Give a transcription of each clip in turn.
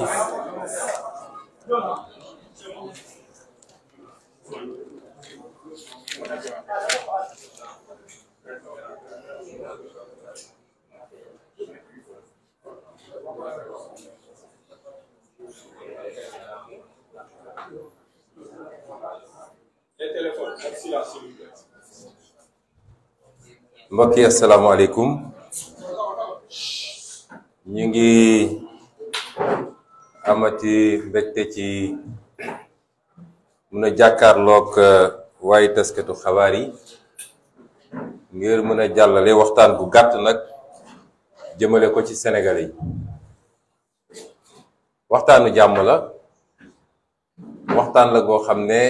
justice mbokk yi asalaamaaleykum amati mbégte ci mën a jàkkaarloog euh, waaye tasketu xabaar yi ngir mën a jàllale waxtaan bu gàtt nag jëmale ko ci Sénégalais yi waxtaanu jàmm la waxtaan la goo xam ne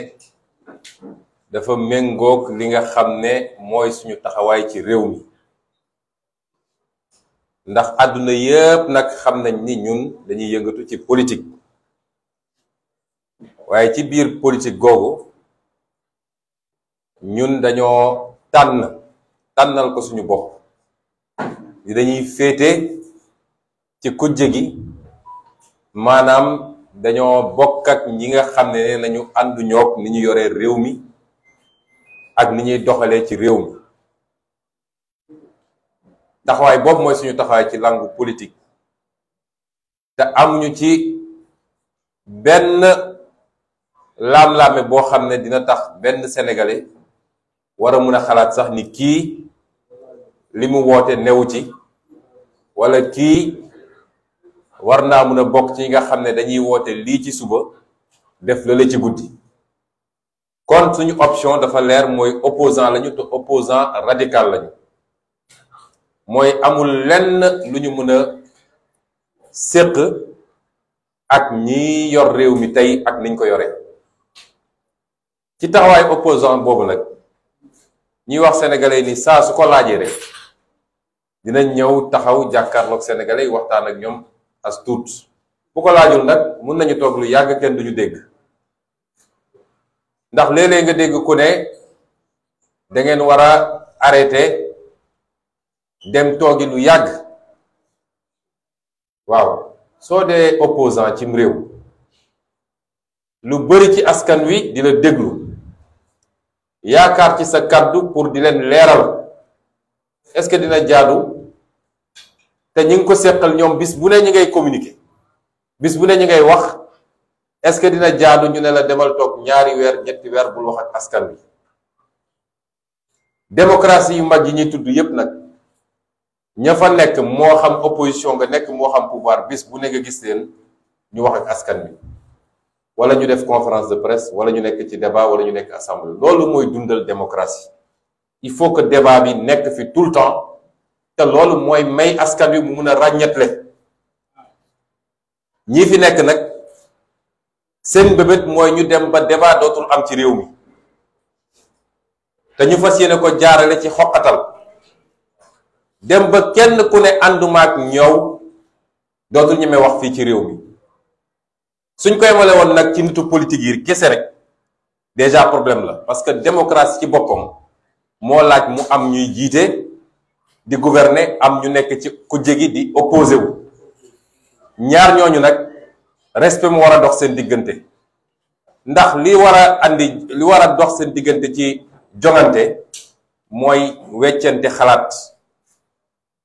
dafa méngoog li nga xam ne mooy suñu taxawaay ci réew mi ndax àdduna yépp nag xam nañ ni ñun dañuy yëngatu ci politique waaye ci biir politique googu ñun dañoo tànn tànnal ko suñu bopp ni dañuy féete ci kujje gi maanaam dañoo bokk ak ñi nga xam ne nañu àndu ñoog ni ñu yoree réew mi ak ni ñuy doxalee ci réew mi taxawaay boobu mooy suñu taxawaay ci langue politique te am ñu ci benn laam-laame boo xam ne dina tax benn sénégalais war a mun a xalaat sax ni kii li mu woote newu ci wala kii war naa mën a bokk ci nga xam ne dañuy woote lii ci suba def la la ci guddi kon suñu option dafa leer mooy opposant lañu te opposant radical lañu mooy amul lenn lu ñu mën a séq ak ñi yor réew mi tey ak niñ ko yore ci taxawaay opposant boobu nag ñuy wax sénégalais ni saa su ko laajee rek dinañ ñëw taxaw jàkkaarloog sénégalais yi waxtaan ak ñoom as tuut bu ko laajul nag mun nañu toog lu yàgg kenn duñu dégg ndax léeg-léeg nga dégg ku ne dangeen ngeen war a arrêté. dem toogi lu yàgg waaw soo dee opposant cim réew lu bari ci askan wi dina déglu yaakaar ci sa kàddu pour di leen leeral est-ce que dina jaadu te ñu ngi ko seqal ñoom bis bu ne ñu ngay communiquer bis bu ne ñu ngay wax est-ce que dina jaadu ñu ne la demal toog ñaari weer ñetti weer bul wax ak askan wi démocratie yu mag yi ñuy tudd yépp nag ña fa nekk moo xam opposition nga nekk moo xam pouvoir bis bu nekk nga gis leen ñu wax ak askan bi wala ñu def conférence de presse wala ñu nekk ci débat wala ñu nekk assemblée loolu mooy dundal démocratie il faut que débat bi nekk fi tout le temps te loolu mooy may askan bi mu mun a ràññetle ñii fi nekk nag seen bébét mooy ñu dem ba débat dootul am ci réew mi te ñu fas yéene ko jaarale ci xoqatal dem ba kenn ku ne àndumaak ñëw dootul ñeme wax fii ci réew mi suñ koy male woon nag ci nitu politique yi kese rek déjà problème la parce que démocratie ci boppam moo laaj mu am ñuy jiite di gouverner am ñu nekk ci ku jégi di opposé wu ñaar ñooñu nag respect mu war a dox seen diggante ndax li war andi li war a dox seen diggante ci jongante mooy weccante xalaat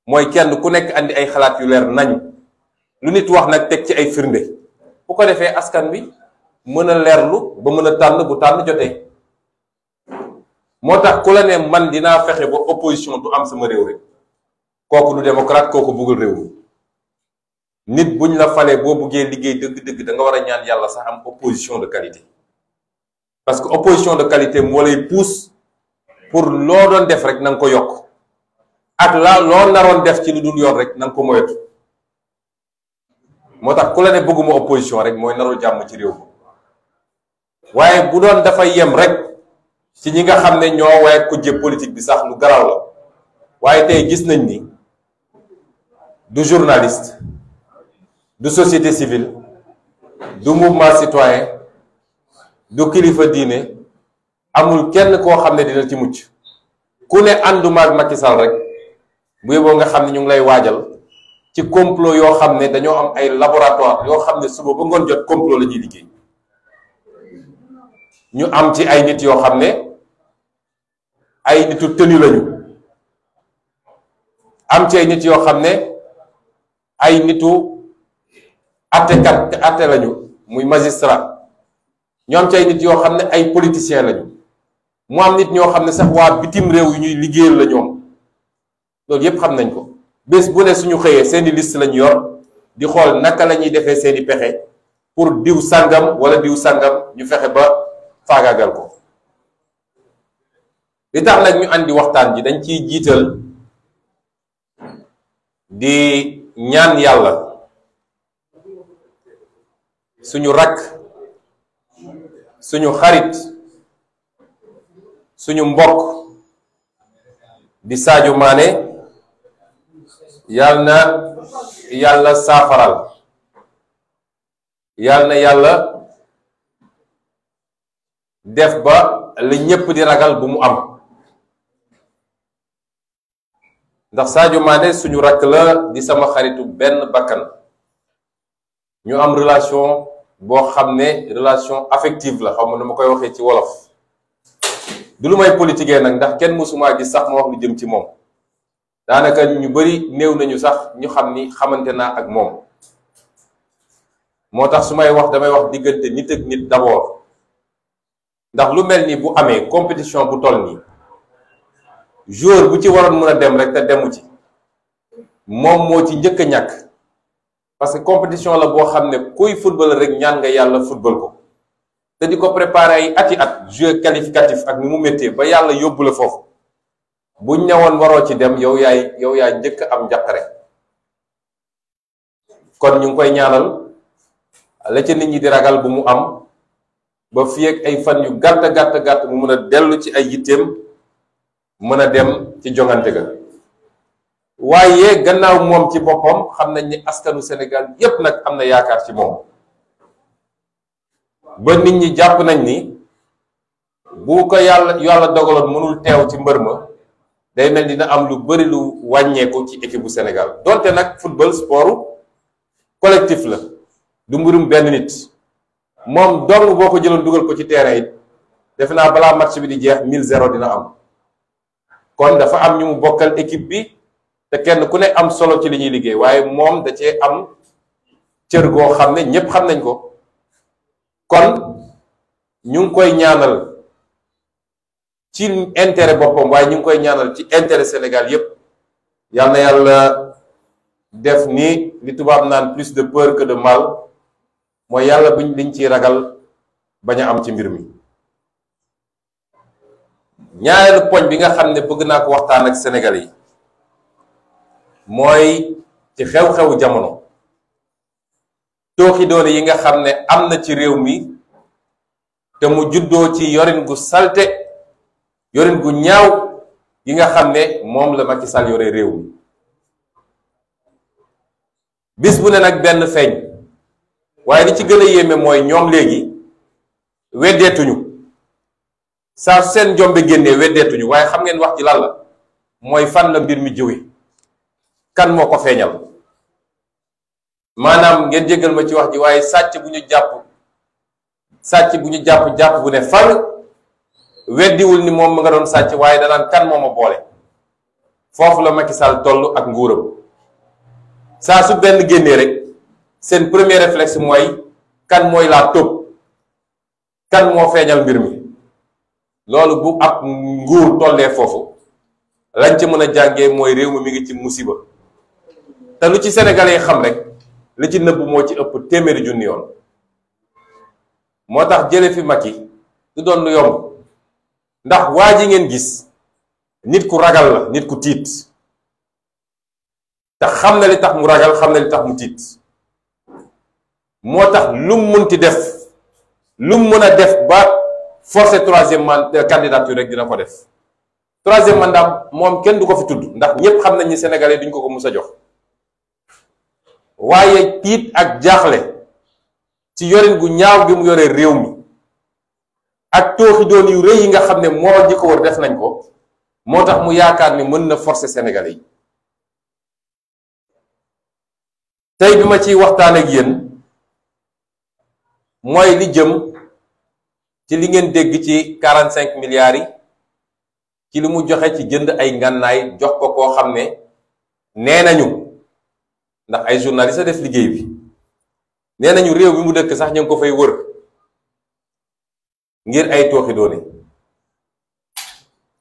mooy kenn ku nekk andi ay xalaat yu leer nañ lu nit wax nag teg ci ay firnde bu ko defee askan wi mën a leerlu ba mën a tànn bu tànn jotee moo tax ku la ne man dinaa fexe ba opposition du am sama réew rek kooku du démocrate kooku bëggul réew mi nit buñ la falee boo buggee liggéey dëgg-dëgg da nga war a ñaan yàlla sax am opposition de qualité parce que opposition de qualité moo lay pousse pour loo doon def rek na nga ko yokk ak la loo naroon def ci lu dul yoon rek nan ko moytu moo tax ku la ne bëgguma opposition rek mooy narul jàmm ci réew mi waaye bu doon dafay yem rek ci ñi nga xam ne ñoo waaye kujje politique bi sax lu garaw la waaye tey gis nañ ni du journaliste du société civile du mouvement citoyen du kilifa diine amul kenn koo xam ne dina ci mucc ku ne àndumaag Macky Sall rek bu yeboo nga xam ne ñu ngi lay waajal ci complot yoo xam ne dañoo am ay laboratoire yoo xam ne suba ba ngoon jot complot la ñuy liggéey ñu am ci ay nit yoo xam ne ay nitu tëni lañu am nit yoo xam ne ay nitu attekat atte lañu muy magistrat ñu am ci ay nit yoo xam ne ay politiciens lañu mu am nit ñoo xam ne sax waa bitim réew yu ñuy liggéeyal la ñoom loolu yépp xam nañ ko bés bu ne suñu xëyee seeni list lañu yor di xool naka lañuy defee seeni pexe pour diw sàngam wala diw sàngam ñu fexe ba faagaagal ko li tax nag ñu andi waxtaan ji dañ ciy jiital di ñaan yàlla suñu rakk suñu xarit suñu mbokk di Sadio Mané yal na yàlla saafaral yal na yàlla def ba li ñépp di ragal bu mu am ndax Sadio Mané suñu rakk la di sama xaritu benn bakkan ñu am relation boo xam ne relation affective la ma na ma koy waxee ci wolof du lu may politiquer nag ndax kenn mësumaa gis sax ma wax lu jëm ci moom daanaka ñu bëri néew nañu sax ñu xam ni xamante naa ak moom moo tax su may wax damay wax diggante nit ak nit d'abord ndax lu mel ni bu amee compétition bu toll nii joueur bu ci waroon mën a dem rek te demu ci moom moo ci njëkk a ñàkk parce que compétition la boo xam ne kuy football rek ñaan nga yàlla football ko te di ko préparer yi ati at jeu qualificatif ak mu méttee ba yàlla yóbbu la foofu buñ ñëwoon waroo ci dem yow yaay yow yaay njëkk am njàqare kon ñu ngi koy ñaanal la ci nit ñi di ragal bu mu am ba fii ay fan yu gàtt gàtt gàtt mu mën a dellu ci ay yitteem mën a dem ci jongante ga waaye gannaaw moom ci boppam xam nañ ni askanu senegal yépp nag am na yaakaar ci moom ba nit ñi jàpp nañ ni bu ko yàlla yàlla dogaloon mënul teew ci mbër ma day mel dina am lu bëri lu wàññeeku ci équipe bu senegal donte nag football sport collectif la du mbirum benn nit moom dong boo ko jëloon dugal ko ci terrain yi defe naa balaa match bi di jeex 1000-0 dina am kon dafa am ñu mu bokkal équipe bi te kenn ku ne am solo ci li ñuy liggéey waaye moom da cee am cër goo xam ne ñépp xam nañ ko kon ñu ngi koy ñaanal. ci intérêt boppam waaye ñu ngi koy ñaanal ci intérêt Sénégal yépp yal na yàlla def ni li tubaab naan plus de peur que de mal mooy yàlla buñ liñ ciy ragal bañ a am ci mbir mi. ñaareelu poñ bi nga xam ne bëgg naa ko waxtaan ak Sénégal yi mooy ci xew-xewu jamono tooxi doone yi nga xam ne am na ci réew mi te mu juddoo ci yorin gu salte yorin gu ñaaw yi nga xam ne moom la ma ci Sall yore réew mi bis bu ne nag benn feeñ waaye li ci gën a yéeme mooy ñoom léegi weddeetuñu sa seen jombe génnee weddeetuñu waaye xam ngeen wax ji lan la mooy fan la mbir mi jóge kan moo ko feeñal maanaam ngeen jéggal ma ci wax ji waaye sàcc bu ñu jàpp sàcc bu ñu jàpp jàpp bu ne fal weddiwul ni moom mu nga doon sàcc waaye danaan kan moo a boole foofu la Macky sal toll ak nguuram saa su benn génnee rek seen premier réflexe mooy kan mooy laa tóob kan moo feeñal mbir mi loolu bu ab nguur tollee foofu lañ ci mën a jàngee mooy réew mi mi ngi ci musiba te lu ci sénégalais xam rek li ci nëbb moo ci ëpp téeméeri junni moo tax jële fi Macky du doon lu yomb ndax waa ji ngeen gis nit ku ragal la nit ku tiit te xam na li tax mu ragal xam na li tax mu tiit moo tax lum munti def lum mën a def ba forcer troisième mandat euh, candidature rek dina ko def troisième mandat moom kenn du ko fi tudd ndax ñépp xam nañ ni sénégalais duñ ko ko mus a jox waaye tiit ak jaaxle ci yorin gu ñaaw gi mu yoree réew mi ak tooxi doon yu rëy yi nga xam ne moo ñi ko war def nañ ko moo tax mu yaakaar ni mën na forcer Sénégalais yi tey bi ma ci waxtaan ak yéen mooy li jëm ci li ngeen dégg ci quarante cinq milliards yi ci li mu joxe ci jënd ay ngànnaay jox ko koo xam ne nee nañu ndax ay journaliste a def liggéey bi nee nañu réew bi mu dëkk sax ñu ngi ko fay wër ngir ay tooxi doone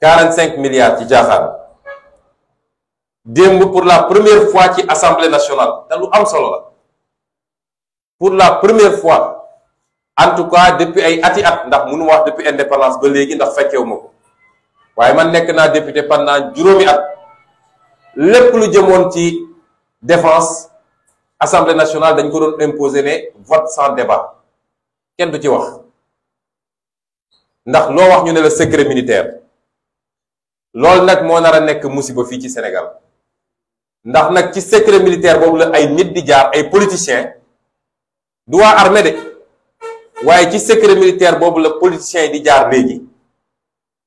45 milliards ci jaaxaan démb pour la première fois ci assemblée nationale te lu am solo la pour la première fois en tout cas depuis ay ati at ndax munu wax depuis indépendance ba léegi ndax fekkewu ma ko waaye man nekk naa député pendant juróomi at lépp lu jëmoon ci défense assemblée nationale dañ ko doon imposer ne vote sans débat kenn du ci wax ndax loo wax ñu ne la secret militaire loolu nag moo nar a nekk musiba fii ci Sénégal ndax nag ci secret militaire boobu la ay nit di jaar ay politiciens du waa armée de waaye ci secret militaire boobu la politiciens yi di jaar léegi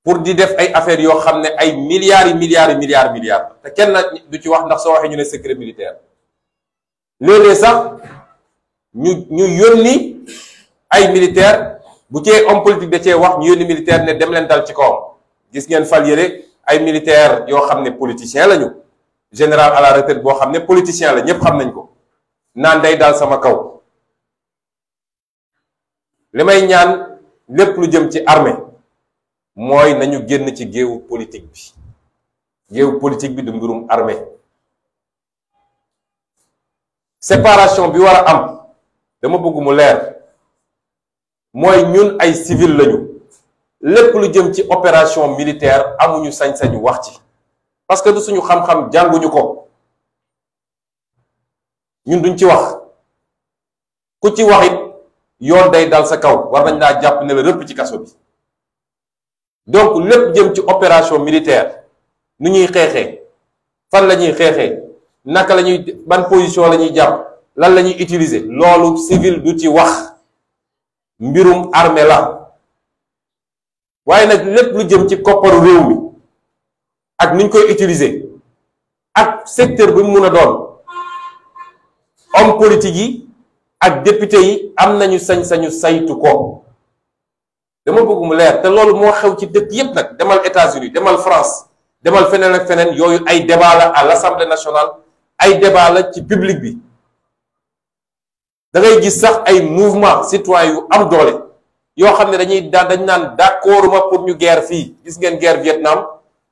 pour di def ay affaires yoo xam ne ay milliards yu milliards yi milliards te kenn du ci wax ndax soo waxee ñu ne secret militaire léeg sax ñu ñu yónni ay militaire bu cee homme politique da cee wax ñu yónni militaire ne dem leen dal ci kawam gis ngeen fal yële ay militaire yoo xam ne politicien lañu général à la retraite boo xam ne politicien la ñépp xam nañ ko naan day daal sama kaw li may ñaan lépp lu jëm ci armée mooy nañu génn ci géewu politique bi géewu politique bi du mbirum armée séparation bi war a am dama bëgg mu leer mooy ñun ay civil lañu lépp lu jëm ci opération militaire amuñu sañ-sañu wax ci parce que du suñu xam-xam jànguñu ko ñun duñ ci wax ku ci wax yoon day dal sa kaw war nañ laa jàpp ne la rëpp ci kaso bi donc lépp jëm ci opération militaire ni ñuy xeexee fan la ñuy xeexee naka la ñuy ban position la ñuy jàpp lan la ñuy utiliser loolu civil du ci wax mbirum armée la waaye nag lépp lu jëm ci kopparu réew mi ak niñ koy utiliser ak secteur bi mu mun a doon homme politique yi ak député yi am nañu sañ-sañu saytu ko dama bëgg mu leer te loolu moo xew ci dëkk yépp nag demal États-Unis demal France demal feneen ak feneen yooyu ay débat la à l'Assemblée nationale ay débat ci public bi da gis sax ay mouvement citoyen yu am doole yoo xam ne dañuy daan dañ naan d'accord ma pour ñu guerre fii gis ngeen guerre Vietnam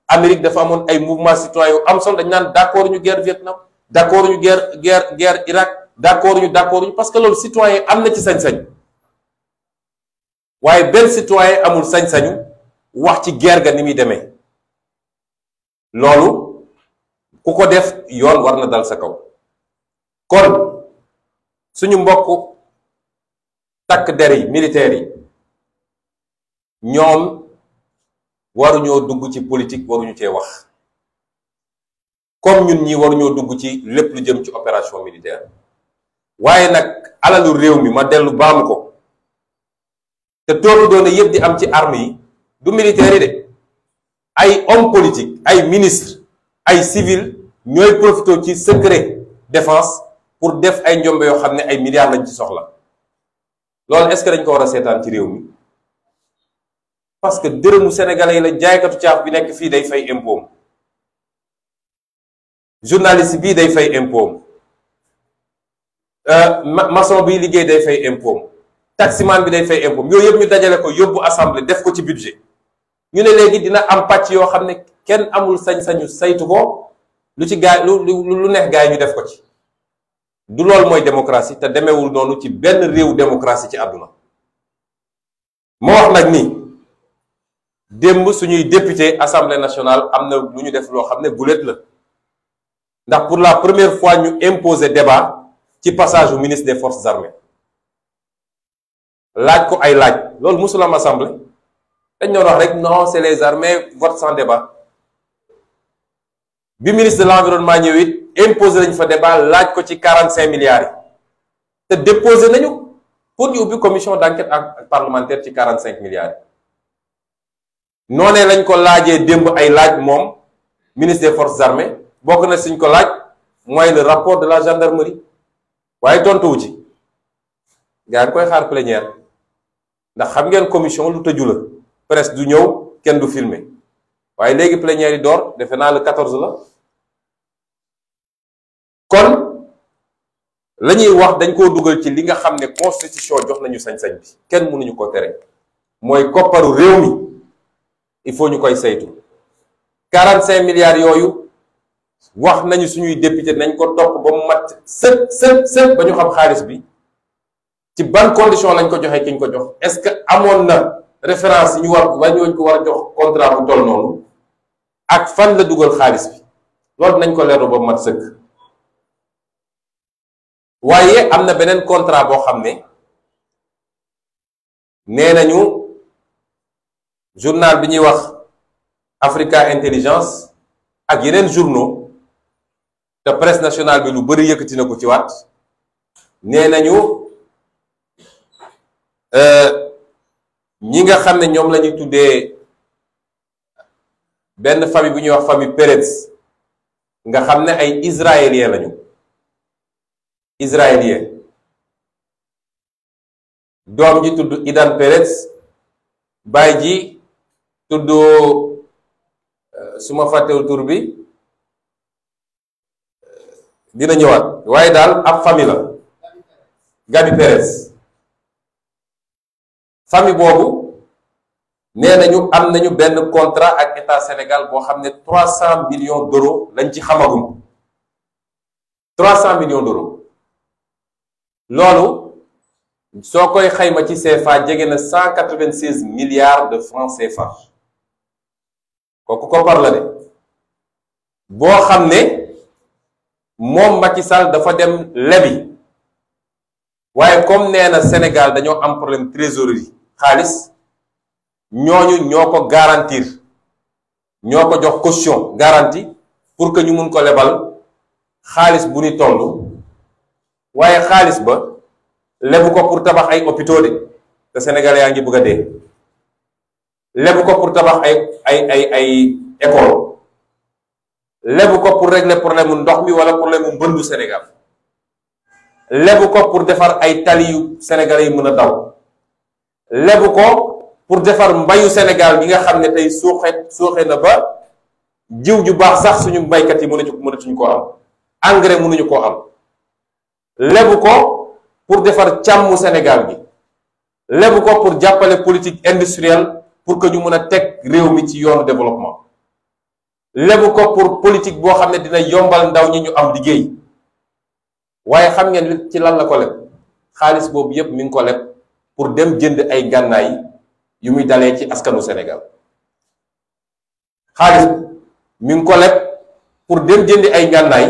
Amérique dafa amoon ay mouvement citoyen yu am sol dañ naan d'accord ñu guerre Vietnam d'accord ñu guerre guerre guerre Irak d'accord ñu d'accord ñu parce que loolu citoyen am na ci sañ-sañ waaye benn citoyen amul sañ-sañu wax ci guerre ga ni muy demee loolu ku ko def yoon war na dal sa kaw suñu mbokk takk der yi militaires yi ñoom waruñoo dugg ci politique waruñu cee wax comme ñun ñi waruñoo dugg ci lépp lu jëm ci opération militaire waaye nag alalu réew mi ma dellu baamu ko te toolu doone yëpp di am ci armes yi du militaires yi de ay homme politique ay ministre ay civil ñooy profité ci secret défense pour def ay njombe yoo xam ne ay milliards lañ ci soxla loolu est-ce dañ ko war a seetaan ci réew mi parce que dërëmu sénégalais yi la jaaykatu caaf bi nekk fii day fay impôt journaliste bii day fay impôt euh, maçon bi liggéey day fay impôt taximan bi day fay impôt yooyu yëpp ñu dajale ko yóbbu assemblée def ko ci budget ñu ne léegi dina am pàcc yoo xam ne kenn amul sañ-sañu saytu ko lu ci gaay lu lu neex gaay ñu def ko ci du loolu mooy démocratie te demeewul noonu ci benn réew démocratie ci àdduna moo wax nag ni démb suñuy député assemblée nationale am na lu ñu def loo xam ne guléet la ndax pour la première fois ñu imposer débat ci passage au ministre des forces armées laaj ko ay laaj loolu musul am assemblée dañ doon wax rek non c'est les armées vote sans débat bi ministre de l'environnement ñëw it imposé nañ fa débat laaj ko ci quarante cinq milliards te déposé nañu pour ñu ubbi commission d'enquête ak parlementaire ci quarante cinq milliards yi noonee lañ ko laajee démb ay laaj moom ministre des forces armées bokk na suñ ko laaj mooy le rapport de la gendarmerie waaye tontuwu ci gaa ngi koy xaar plénière ndax xam ngeen commission lu tëju la presse du ñëw kenn du filmer waaye léegi plénière yi door defe naa le 14 la kon la ñuy wax dañ koo dugal ci li nga xam ne constitution jox nañu sañ-sañ bi kenn mënuñu ko tere mooy kopparu réew mi il faut ñu koy saytu 45 milliards yooyu wax nañu suñuy député nañ ko topp ba mu mat sët sët sët ba ñu xam xaalis bi ci ban condition lañ ko joxee ki ñu ko jox est-ce que amoon na référence yi ñu war ba ñooñ ko war a jox contrat bu toll noonu ak fan la dugal xaalis bi loolu nañ ko leeru ba mat sëkk waaye am na beneen contrat boo xam ne nee nañu journal bi ñuy wax Africa Intelligence ak yeneen journaux te presse nationale bi lu bari yëkkati na ko ci waat nee nañu euh, ñi nga xam ne ñoom la tuddee benn famille bu ñu wax fami Pérez nga xam ne ay israélien lañu israélien doom ji tudd Idan Pérez baay ji tudd euh, suma ma fàttewul tur bi euh, dina ñëwaat waaye daal ab famille la Gabi Pérez famille boobu nee nañu am nañu benn contrat ak état Sénégal boo xam ne trois cent millions d'euros lañ ci xamagum trois cent millions loolu soo koy xayma ci CFA jege na cent quatre vingt seize milliards de francs CFA kooku ko par de boo xam ne moom ma ci Sall dafa dem lebi waaye comme nee na Sénégal dañoo am problème trésorerie xaalis. ñooñu ñoo ko garantir ñoo ko jox caution garantie pour que ñu mun ko lebal xaalis bu ni toll waaye xaalis ba lebu ko pour tabax ay hôpitaux de te sénégalais yaa ngi bëgg a dee lebu ko pour tabax ay ay ay ay école lebu ko pour régler problème mu ndox mi wala problème mu mbëndu Sénégal lebu ko pour defar ay tali yu sénégalais yi mën a daw lebu ko pour defar mbayu Sénégal bi nga xam ne tey suuxe suuxe na ba jiw ju baax sax suñu mbaykat yi mënuñu mënatuñu koo am engrais munuñu koo am lebu ko pour defar càmm Sénégal bi lebu ko pour jàppale politique industrielle pour que ñu mun a teg réew mi ci yoonu développement lebu ko pour politique boo xam ne dina yombal ndaw ñi ñu am liggéey waaye xam ngeen ci lan la ko leb xaalis boobu yépp mi ngi ko leb pour dem jënd ay gànnaay yu muy dalee ci askanu senegal xaalis mi ngi ko leb pour dem jëndi ay ngànnaay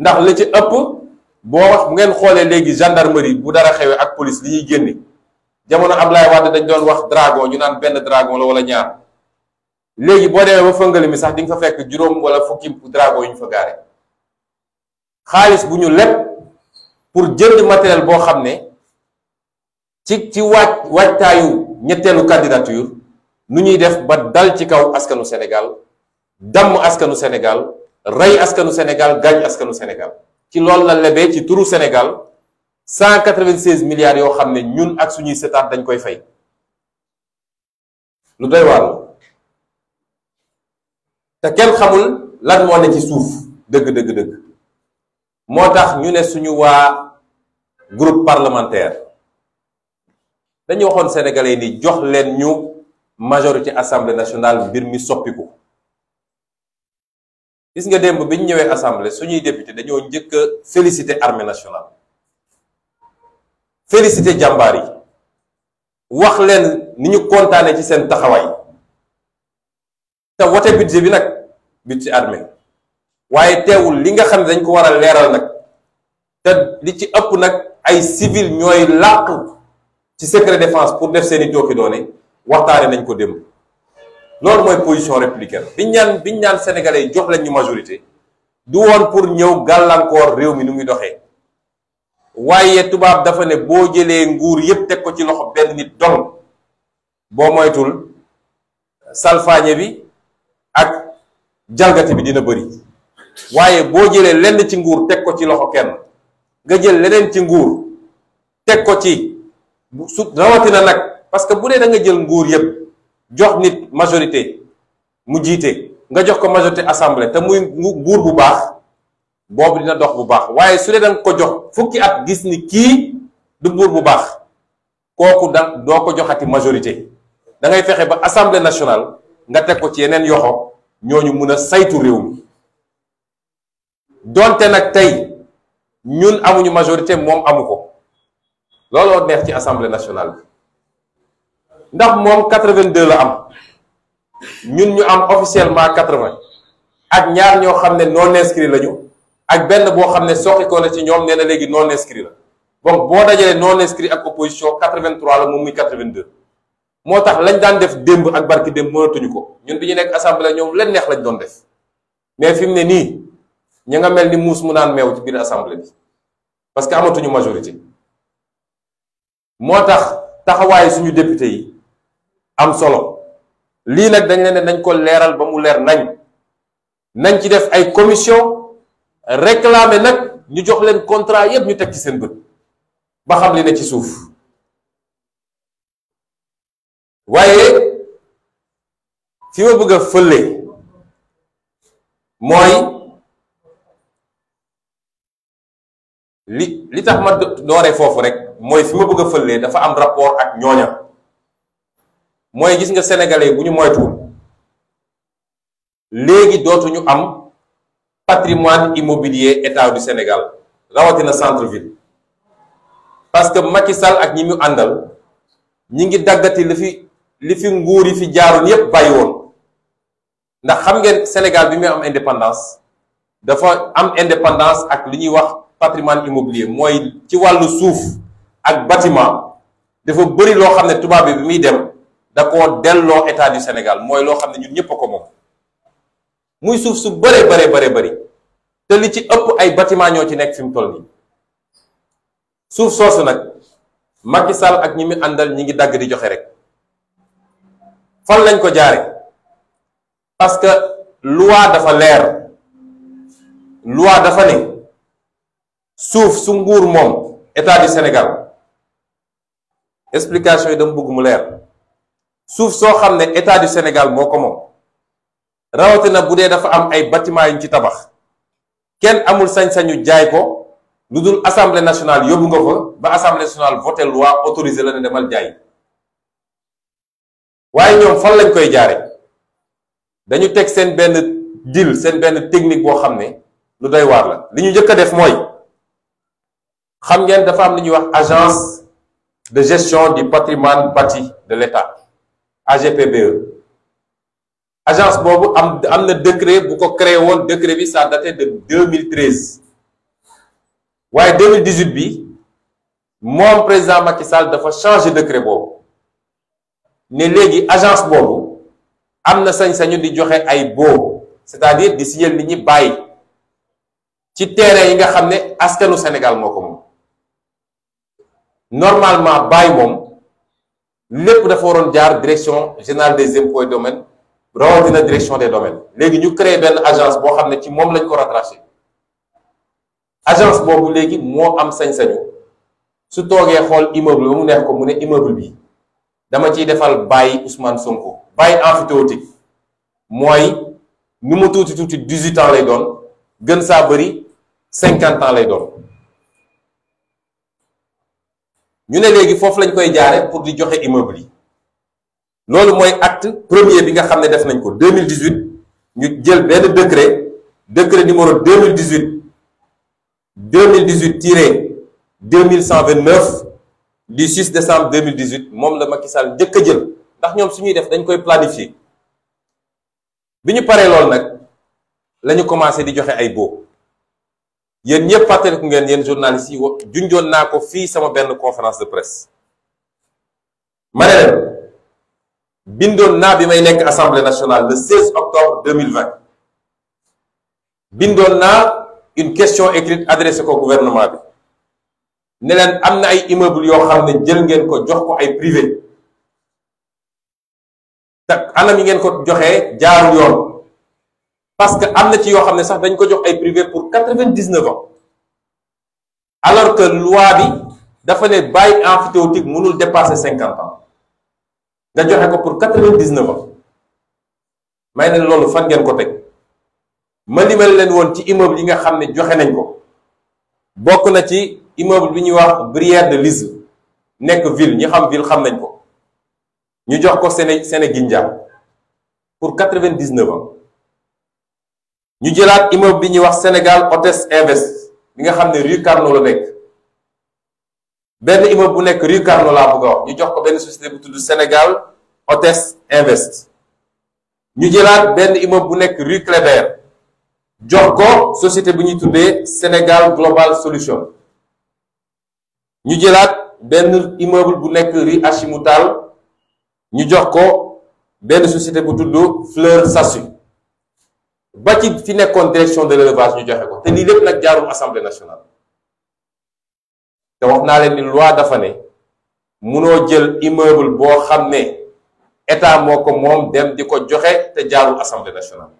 ndax la ci ëpp boo wax bu ngeen xoolee léegi gendarmerie bu dara xewee ak police li ñuy génne jamono Ablaye Wade dañ doon wax dragon ñu naan benn dragon la wala ñaar léegi boo demee ba fëngale mi sax di nga fa fekk juróom wala fukki dragon yu ñu fa gaare xaalis bu ñu leb pour jënd matériel boo xam ne ci ci waaj waajtaayu ñetteelu candidature nu ñuy def ba dal ci kaw askanu Sénégal damm askanu Sénégal rey askanu Sénégal gaañ askanu Sénégal ci loolu la lebee ci turu Sénégal 196 milliards yoo xam ne ñun ak suñuy setaat dañ koy fay lu doy waar te kenn xamul lan moo ne ci suuf dëgg dëgg dëgg moo tax ñu ne suñu waa groupe parlementaire dañu waxoon sénégale yi ni jox leen ñu majorité assemblée nationale mbir mi soppiku bis nga démb bi ñu ñëwee assemblée suñuy député dañoo njëkk a félicité armée nationale félicité jàmbaar yi wax leen ni ñu kontaanee ci seen taxawaay te wote budget bi nag budget armée waaye teewul li nga xam ne dañ ko waral leeral nag te li ci ëpp nag ay civil ñooy làqu ci secret defence pour def seeni i tooki doone waxtaane nañ ko dem loolu mooy position républicaine biñ ñaan biñ ñaan sénégalais yi jox lañ ñu majorité du woon pour ñëw gàllankoor réew mi nu muy doxee waaye tubaab dafa ne boo jëlee nguur yépp teg ko ci loxo benn nit dong boo moytul salfaañe bi ak jalgati bi dina bëri waaye boo jëlee lenn ci nguur teg ko ci loxo kenn nga jël leneen ci nguur teg ko ci bu su rawatina nag parce que bu dee da nga jël nguur yëpp jox nit majorité mu jiite nga jox ko majorité assemblée te muy nguur bu baax boobu dina dox bu baax waaye su dee da ko jox fukki at gis ni kii du nguur bu baax kooku da doo ko joxati majorité da ngay fexe ba assemblée national nga teg ko ci yeneen yoxo ñoo ñu mun a saytu réew mi donte nag tey ñun amuñu majorité moom amu ko. looloo neex ci assemblée nationale bi ndax moom 82 la am ñun ñu am officiellement 80 ak ñaar ñoo xam ne non inscrit lañu ak benn boo xam ne soqikoo na ci ñoom nee na léegi non inscrit la donc boo dajalee non inscrit ak opposition 83 la moom muy 82. moo tax lañ daan def démb ak barki démb mënatuñu ko ñun bi ñu nekk assemblée ñoom leen neex lañ doon def mais fi mu ne nii ña nga mel ni muus mu naan meew ci biir assemblée bi parce que amatuñu majorité. moo tax taxawaayu suñu député yi am solo lii nag dañ leen ne nañ ko leeral ba mu leer nañ nañ ci def ay commision réclamer nag ñu jox leen contrat yépp ñu teg ci seen bët ba xam li ne ci suuf waaye fi ma bëgg a fële mooy li li tax ma dooree foofu rek mooy fi ma bëgg a dafa am rapport ak ñooña mooy gis nga sénégalais bu ñu moytuwul léegi dootuñu am patrimoine immobilier état du Sénégal rawatina centre ville parce que Macky Sall ak ñi mu àndal ñi ngi daggati li fi li fi nguur yi fi jaaroon yépp bàyyi woon ndax xam ngeen Sénégal bi muy am indépendance dafa am indépendance ak li ñuy wax patrimoine immobilier mooy ci wàllu suuf ak bâtiment dafa bëri loo xam ne tubaab bi bi muy dem da koo delloo état du Sénégal mooy loo xam ne ñun ñëpp ko moom muy suuf su bëree bare bare bëri te li ci ëpp ay bâtiment ñoo ci nekk fi mu toll nii suuf soosu nag Macky Sall ak ñi mu àndal ñi ngi dagg di joxe rek fan lañ ko jaare parce que loi dafa leer loi dafa ne suuf su nguur moom état du Sénégal explication yi dama bëgg mu leer suuf soo xam ne état du Sénégal moo ko moom rawatina bu dee dafa am ay bâtiment yuñ ci tabax kenn amul sañ-sañu jaay ko lu dul assemblée nationale yóbbu nga fa ba assemblée nationale voté loi autorisé la ne demal jaay waaye ñoom fan lañ koy jaare dañu teg seen benn deal seen benn technique boo xam ne lu doy waar la li ñu njëkk a def mooy. xam ngeen dafa am lu ñuy wax agence de gestion du patrimoine bâti de l'État AGPBE agence boobu am am na décret bu ko créé woon décret bi ça daté de 2013 waaye 2018 bi moom président Macky Sall dafa changé décret boobu ne léegi agence boobu am na sañ-sañu di joxe ay boo cest à diir di signer nit ñi bàyyi ci terrain yi nga xam ne askanu Sénégal moo ko normalement bàyyi moom lépp dafa waroon jaar direction générale des impôts et domaines rawatina direction des domaines léegi ñu créé benn agence boo xam ne ci moom lañ ko rattaché agence boobu léegi moo am sañ-sañu su toogee xool immeuble ba mu neex ko mu ne immeuble bi dama ciy defal bàyyi Ousmane Sonko bàyyi emphytéotique mooy nu mu tuuti tuuti 18 ans lay doon gën saa bëri cinquante ans lay doon. ñu ne léegi foofu lañ koy jaare pour di joxe immeuble yi loolu mooy acte premier bi nga xam ne def nañ ko 2018 ñu jël benn décret décret numéro 2018 2018 tiré 2129 du 6 décembre 2018 moom la Macky Sall njëkk a jël ndax ñoom su ñuy def dañ koy planifier bi ñu paree loolu nag la ñu commencé di joxe ay baux yéen ñëpp fàttaliku ngeen yéen journalistes yi junjoon naa ko fii sama benn conférence de presse ma bindoon naa bi may nekk assemblée nationale le 16 octobre 2020 bindoon naa une question écrite adressée ko gouvernement bi ne leen am na ay immeuble yoo xam ne jël ngeen ko jox ko ay privé te anam yi ngeen ko joxe jaarul yoon parce que am na ci yoo xam ne sax dañ ko jox ay privé pour quatre-vingt-dix-neuf ans alors que loi bi dafa ne bail emphytéotique mënul dépasser cinquante ans nga joxe ko pour quatre-vingt-dix-neuf ans may leen loolu fan ngeen ko teg ma limal leen woon ci immeuble yi nga xam ne joxe nañ ko bokk na ci immeuble bi ñuy wax Brière de Lise nekk ville ñu xam ville xam nañ ko ñu jox ko Séné Sénégindia pour quatre vingt dix ñu jëlaat immeuble bi ñuy wax Sénégal Hôtesse Invest bi nga xam ne Rue Carnot la nekk benn immeuble bu nekk Rue Carnot laa bëgg wax ñu jox ko benn société bu tudd Sénégal Hôtesse Invest ñu jëlaat benn immeuble bu nekk Rue Clébert jox ko société bu ñuy tuddee Sénégal Global Solution ñu jëlaat benn immeuble bu nekk Rue Hachimoutal ñu jox ko benn société bu tudd Fleur Sassu ba ci fi nekkoon direction de l'élevage ñu joxe ko te lii lépp nag jaarul assemblée nationale te wax naa leen ni loi dafa ne munoo jël immeuble boo xam ne état moo ko moom dem di ko joxe te jaarul assemblée nationale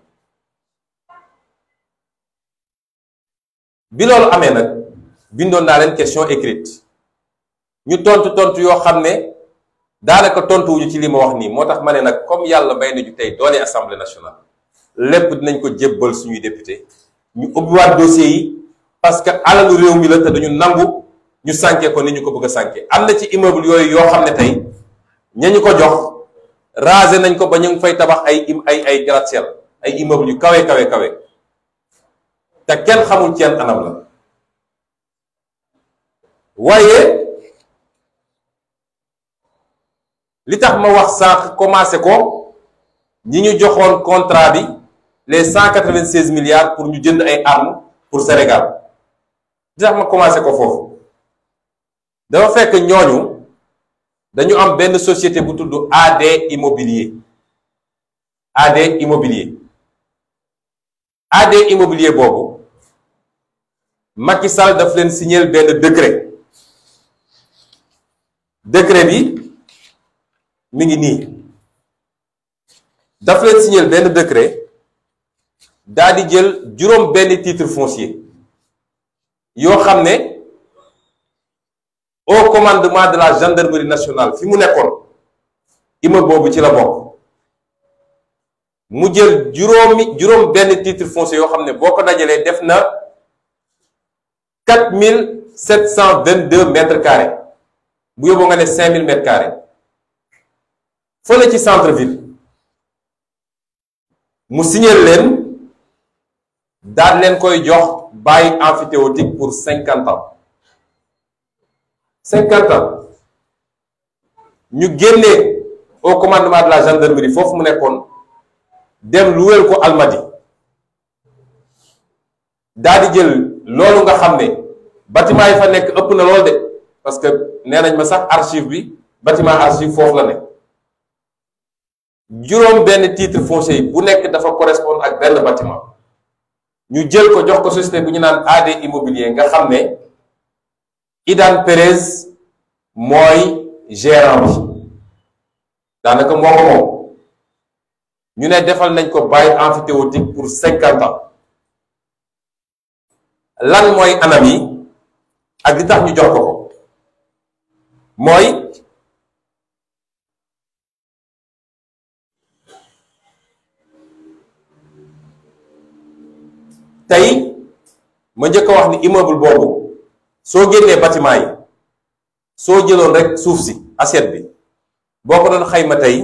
bi loolu amee nag bindoon naa leen question écrite ñu tontu tont yoo xam ne daanaka tontuwuñu ci li ma wax nii moo tax ma ne nag comme yàlla may nañu tey doole assemblée nationale. lépp dinañ ko jébbal suñuy député ñu ubbiwaat dossier yi parce que alalu réew mi la te dañu nangu ñu sànke ko ni ñu ko bëgg a sànke am na ci immeuble yooyu yoo xam ne tey ña ñu ko jox rasé nañ ko ba ñu ngi fay tabax ay im ay ay gratte ay immeuble yu kawe kawe kawe te kenn xamul ci anam la waaye li tax ma wax sànq commencé ko ñi ñu joxoon contrat bi les cent quatre vingt seize milliards pour ñu jënd ay armes pour Sénégal di tax ma commencé ko foofu dafa fekk ñooñu dañu am benn société bu tudd AD Immobilier AD Immobilier AD Immobilier boobu Macky Sall daf leen signer benn décret décret bi mi ngi nii daf leen signer benn décret. daa di jël juróom benn titre foncier yoo xam ne au commandement de la gendarmerie nationale fi mu nekkoon immeuble boobu ci la bokk mu jël juróomi juróom benn titre foncier yoo xam ne boo ko dajalee def na quatre mille sept cent vingt deux mètres carré bu yóbboo nga ne cinq mille mètres carrés fële ci centre ville mu signer leen daal leen koy jox bàyyi emphytéotique pour cinquante ans cinquante ans ñu génne o commandement de la gendarmerie foofu mu nekkoon dem lu luweel ko almadi daal jël loolu nga xam ne batiment yi fa nekk ëpp na lool de parce que nee nañ ma sax archive bi batiment archive foofu la ne juróom benn titre foncier bu nekk dafa correspondre ak benn batiment ñu jël ko jox ko société bu ñu naan AD immobilier nga xam ne Idan Perez mooy gérant bi daanaka moo ko moom ñu ne defal nañ ko bail emphytéotique pour cinquante lan mooy anam yi ak li tax ñu jox ko ko mooy tey ma njëkk a wax ni immeuble boobu soo génnee bâtiment yi soo jëloon rek suuf si assiette bi boo ko doon xayma tey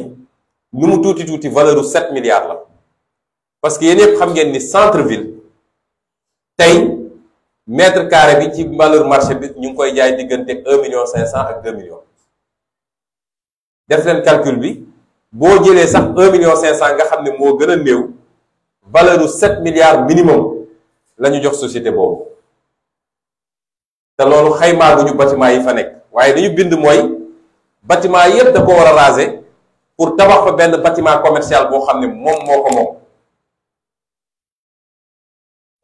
lu mu tuuti tuuti valeur u 7 la parce que yeneen xam ngeen ni centre ville tey mètre carré bi ci valeur marché bi ñu ngi koy jaay diggante 1 million 500 ak 2 millions def leen calcul bi boo jëlee sax 1 million cent nga xam ne moo gën a néew valeur u 7 milliards minimum. la jox société boobu te loolu xaymaaguñu bâtiment yi fa nekk waaye dañu bind mooy bâtiment yépp da ko war a raser pour tabax fa benn bâtiment commercial boo xam ne moom moo ko moom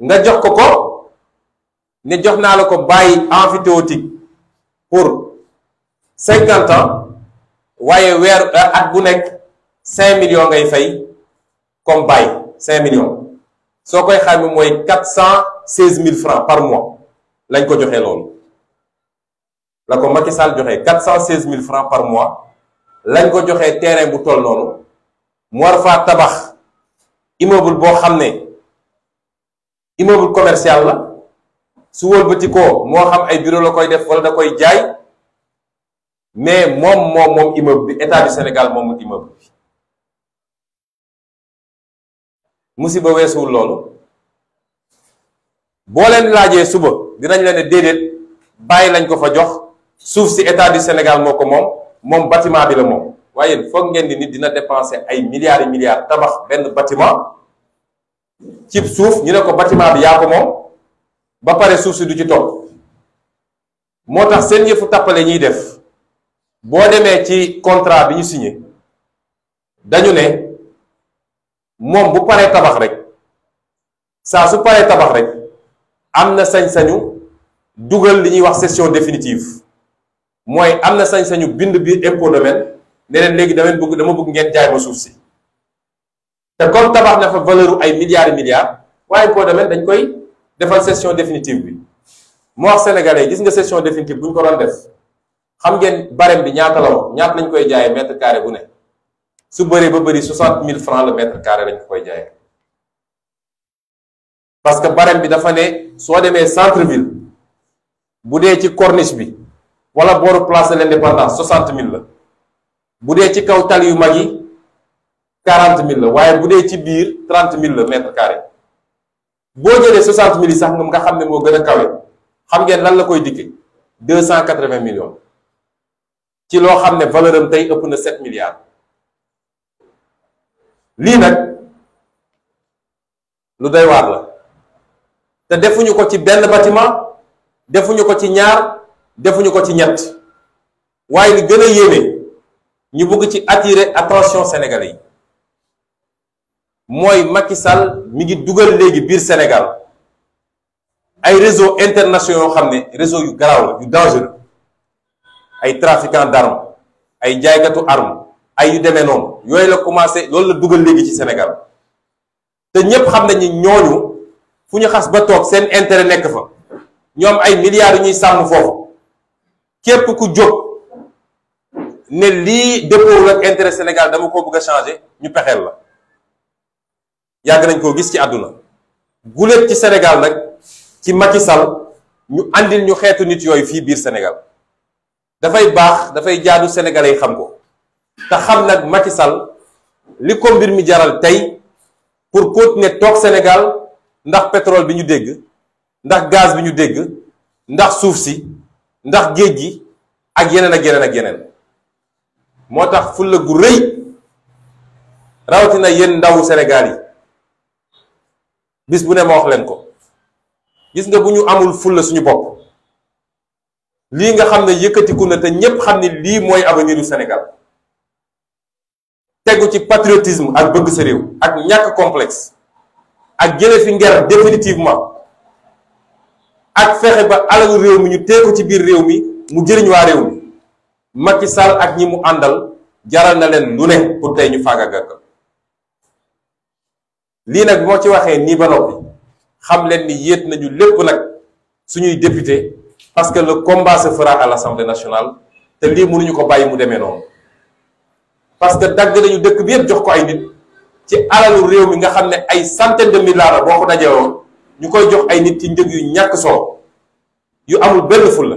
nga jox ko ko ne jox naa la ko bàyyi emphytéotique pour cinquante ans waaye weer euh, at bu nekk cinq million ngay fay comme bàyyi cinq millions soo koy xayma mooy quatre cent seize mille francs par mois lañ ko joxee loolu la ko Macky Sall joxee quatre cent seize mille francs par mois lañ ko joxe terrain bu toll noonu mu war faa tabax immeuble boo xam ne immeuble commercial la su wëlbatikoo moo xam ay bureau la koy def wala da koy jaay mais moom moom moom immeuble bi état du Sénégal moomul immeuble musiba weesuwul loolu boo leen laajee suba dinañ leen ne déedéet bàyyi lañ ko fa jox suuf si état du Sénégal moo ko moom moom bâtiment bi la moom waaye foog ngeen di nit dina dépenser ay milliards et milliards tabax benn bâtiment ci suuf ñu ne ko bâtiment bi yaa ko moom ba pare suuf si du ci topp moo tax seen yëfu tàppale ñuy def boo demee ci contrat bi ñu signé dañu ne moom bu paree tabax rek saa su paree tabax rek am na sañ-sañu dugal li ñuy wax cession définitive mooy am na sañ-sañu bind biir impôt domaine ne leen léegi dama bëgg dama bëgg ngeen jaay ma suuf si te comme tabax na fa valeur ay milliards milliards waaye impôt domaine dañ koy defal cession définitive bi moo wax sénégalais gis nga cession définitive bu ñu ko doon def xam ngeen barème bi ñaata la woon ñaata lañ koy jaayee mètre carré bu ne. su bëree ba bëri soixante mille francs le mètre carré lañ ko koy jaayee parce que barème bi dafa ne soo demee centre ville bu dee ci corniche bi wala booru place de l'indépendance soixante mille la bu dee ci kaw tali yu mag yi quarante mille la waaye bu dee ci biir trente mille la mètre carré boo jëlee soixante mille yi sax nga xam ne moo gën a kawe xam ngeen lan la koy dikkee deux cent quatre-vingts millions ci loo xam ne valeur am tey ëpp na sept milliards. lii nag lu doy waar la te defuñu ko ci benn bâtiment defuñu ko ci ñaar defuñu ko ci ñett waaye li gën a yéeme ñu bëgg ci attirer attention sénégalais yi mooy Macky Sall mi ngi dugal léegi biir Sénégal ay réseaux internationaux yoo xam ne réseau yu garaaw la yu dangereux ay trafiquants d'armes ay jaaykatu armes ay yu demee noonu yooyu la commencé loolu la dugal léegi ci Sénégal te ñépp xam nañu ñooñu fu ñu xas ba toog seen intérêt nekk fa ñoom ay milliards yu ñuy sàmm foofu képp ku jóg ne lii dëppoowul ak intérêt Sénégal dama ko bëgg a changer ñu pexeel la yàgg nañ koo gis ci àdduna guléet ci Sénégal nag ci Macky Sall ñu àndil ñu xeetu nit yooyu fii biir Sénégal dafay baax dafay jaadu sénégalais yi xam ko te xam nag Macky Sall li ko mbir mi jaral tey pour continuer toog Sénégal ndax pétrole bi ñu dégg ndax gaz bi ñu dégg ndax suuf si ndax géej gi ak yeneen ak yeneen ak yeneen moo tax fulla gu rëy rawatina yéen ndaw senegal yi bis bu ne ma wax leen ko gis nga bu ñu amul fulla suñu bopp lii nga xam ne yëkkatiku na te ñépp xam ne lii mooy avenir senegal tegu ci patriotisme ak bëgg sa réew ak ñàkk complexe ak jële fi nger définitivement ak fexe ba alalu réew mi ñu teeku ci biir réew mi mu jëriñ waa réew mi Macky ak ñi mu àndal jaral na leen lu ne pour tey ñu faagaagal lii nag moo ci waxee nii ba noppi xam leen ni yéet nañu lépp nag suñuy député parce que le combat se fera à l'Assemblée nationale te lii mënuñu ko bàyyi mu demee noonu. parce que dagg nañu dëkk bi yëpp jox ko ay nit ci alalu réew mi nga xam ne ay centaine de milliards la boo ko dajewoon ñu koy jox ay nit ci njëg yu ñàkk solo yu amul benn fulla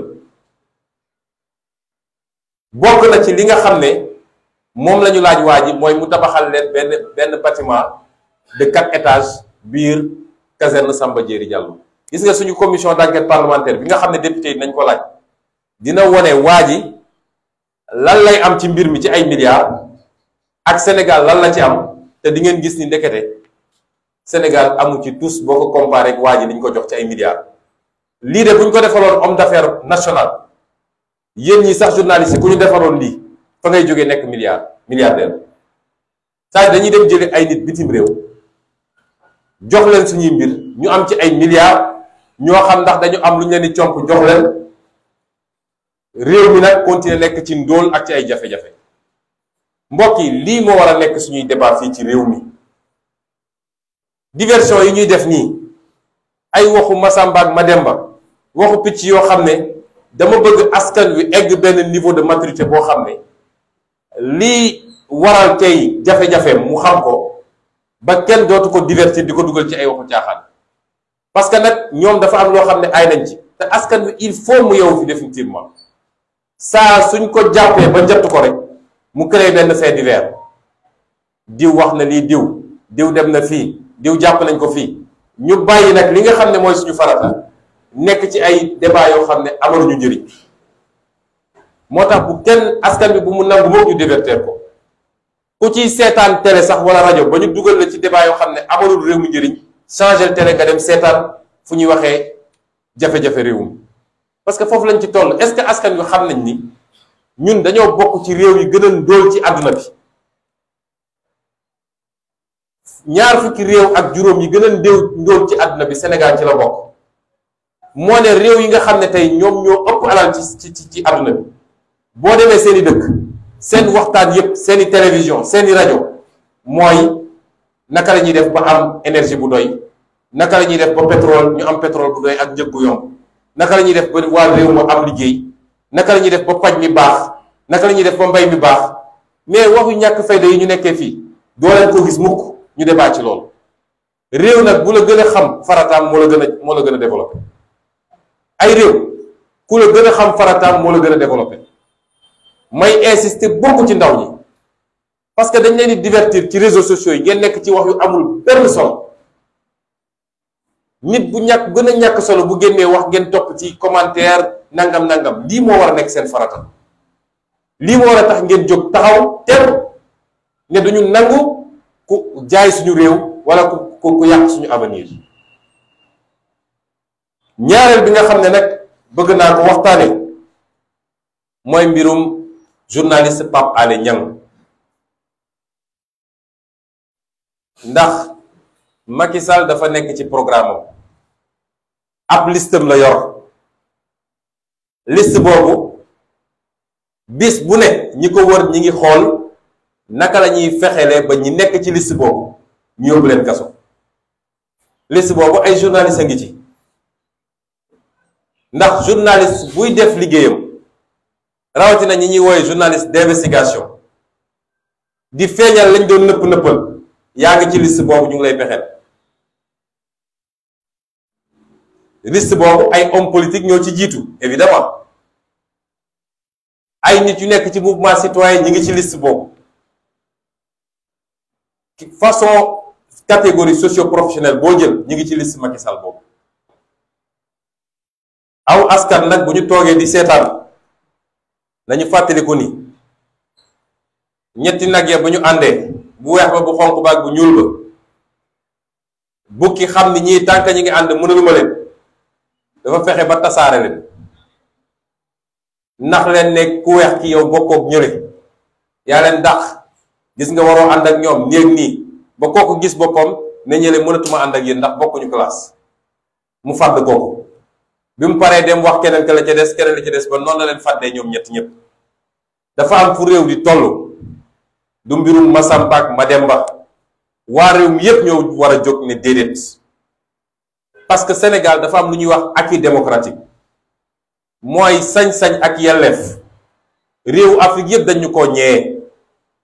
bokk na ci li nga xam ne moom la laaj waa ji mooy mu tabaxal leen benn benn bâtiment de quatre étages biir caserne Samba Diéry Diallo gis nga suñu commission d'enquête parlementaire bi nga xam ne député yi nañ ko laaj dina wane waa ji lan lay am ci mbir mi ci ay milliards ak Sénégal lan la ci am te di ngeen gis ni ndekete Sénégal amu ci tous boo ko comparé waa ji li ñu ko jox ci ay milliards. lii de bu ñu ko defaloon homme d'affaires national yéen ñi sax journaliste yi ku ñu defaloon lii fa ngay jógee nekk milliard milliardaire saa dañuy dem jële ay nit bitim réew jox leen suñuy mbir ñu am ci ay milliards ñoo xam ndax dañu am lu ñu leen di comp jox réew mi nag continuer lekk ci ndóol ak ci ay jafe-jafe. mbokk yi lii moo war a nekk suñuy débat fii ci réew mi diversion yi ñuy def nii ay waxu Masamba ma demba waxu picc yoo xam ne dama bëgg askan wi egg benn niveau de maturité boo xam ne lii waral tey jafe-jafe mu xam ko ba kenn dootu ko divertir di ko dugal ci ay waxu caaxaan parce que nag ñoom dafa am loo xam ne ay nañ ci te askan wi il faut mu yow fi définitivement saa suñ ko jàppee ba jot ko rek. mu créé benn fait divers diw wax na lii diw diw dem na fii diw jàpp nañ ko fii ñu bàyyi nag li nga xam ne mooy suñu farata nekk ci ay débat yoo xam ne amaluñu njëriñ moo tax bu kenn askan bi bu mu nangu moom ñu divertir ko ku ciy seetaan télé sax wala rajo ba ñu dugal la ci débat yoo xam ne amalul réew mi njëriñ changer télé nga dem seetaan fu ñuy waxee jafe-jafe réewum parce que foofu lañ ci toll est-ce que askan yu xam nañ ni. ñun dañoo bokk ci réew yi gën a ndóol ci àdduna bi ñaar fukki réew ak juróom yi gën a ndéew ndóol ci àdduna bi Sénégal ci la bokk moo ne réew yi nga xam ne tey ñoom ñoo ëpp alal ci ci ci àdduna bi boo demee seeni dëkk seen waxtaan yépp seeni télévision seeni rajo mooy naka la ñuy def ba am énergie bu doy naka la ñuy def ba pétrole ñu am pétrole bu doy ak njëg bu yomb naka la def ba waa réew ma am liggéey naka la def ba paj mi baax naka la def ba mbay mi baax mais waxu ñàkk fayda yi ñu nekkee fii doo leen ko gis mukk ñu débat ci loolu réew nag bu la gën a xam farataam moo la gën a moo gën a développé ay réew ku la gën a xam farataam moo la gën a développé may insister bokk ci ndaw ñi parce que dañ leen divertir ci réseaux sociaux yi ngeen nekk ci wax yu amul benn solo nit bu ñàkk gën a ñàkk solo bu génnee wax ngeen topp ci commentaire nangam nangam lii moo war a nekk seen farata lii moo war a tax ngeen jóg taxaw teew ne duñu nangu ku jaay suñu réew wala ku ku yàq suñu avenir ñaareel bi nga xam ne nag bëgg naa ko waxtaane mooy mbirum journaliste Pape Alé Niang ndax Macky Sall dafa nekk ci programme am ab listam la yor liste boobu bis bu ne ñi ko wër ñi ngi xool naka la ñuy fexelee ba ñi nekk ci list boobu ñu yóbbu leen kaso liste boobu ay journaliste a ngi ci ndax journaliste buy def liggéeyam rawatina ñi ñuy wooye journaliste d'investigation di feeñal lañ doon nëpp nëppal yaa ngi ci liste boobu ñu ngi lay fexeel liste boobu ay hommes politiques ñoo ci jiitu évidemment ay nit yu nekk ci mouvement citoyen ñi ngi ci liste boobu façon catégorie socio-professionnelle boo jël ñi ngi ci liste Macky Sall boobu aw askan nag bu ñu toogee di seetaan nañu fàttaliku ni ñetti nag ya bu ñu àndee bu weex ba bu xonq ba bu ñuul ba bukki xam ni ñii tànk ñi ngi ànd mënaluma leen dafa fexe ba tasaare leen ndax leen ne ku weex ki yow bokkook ñële yaa leen ndax gis nga waroo ànd ak ñoom néeg nii ba ko gis boppam ne ñële mënatuma ànd ak yéen ndax bokkuñu classe mu fàdd kooku bi mu paree dem wax keneen ka la ca des keneen la ca des ba noonu la leen fàddee ñoom ñett ñëpp dafa am fu réew di toll du mbirum Masamba ak Mademba waa réew mi yépp ñoo war a jóg ne déedéet parce que Sénégal dafa am lu ñuy wax ak acquis démocratique mooy sañ-sañ ak yelleef réew Afrique yëpp dañ ko koo ñëwee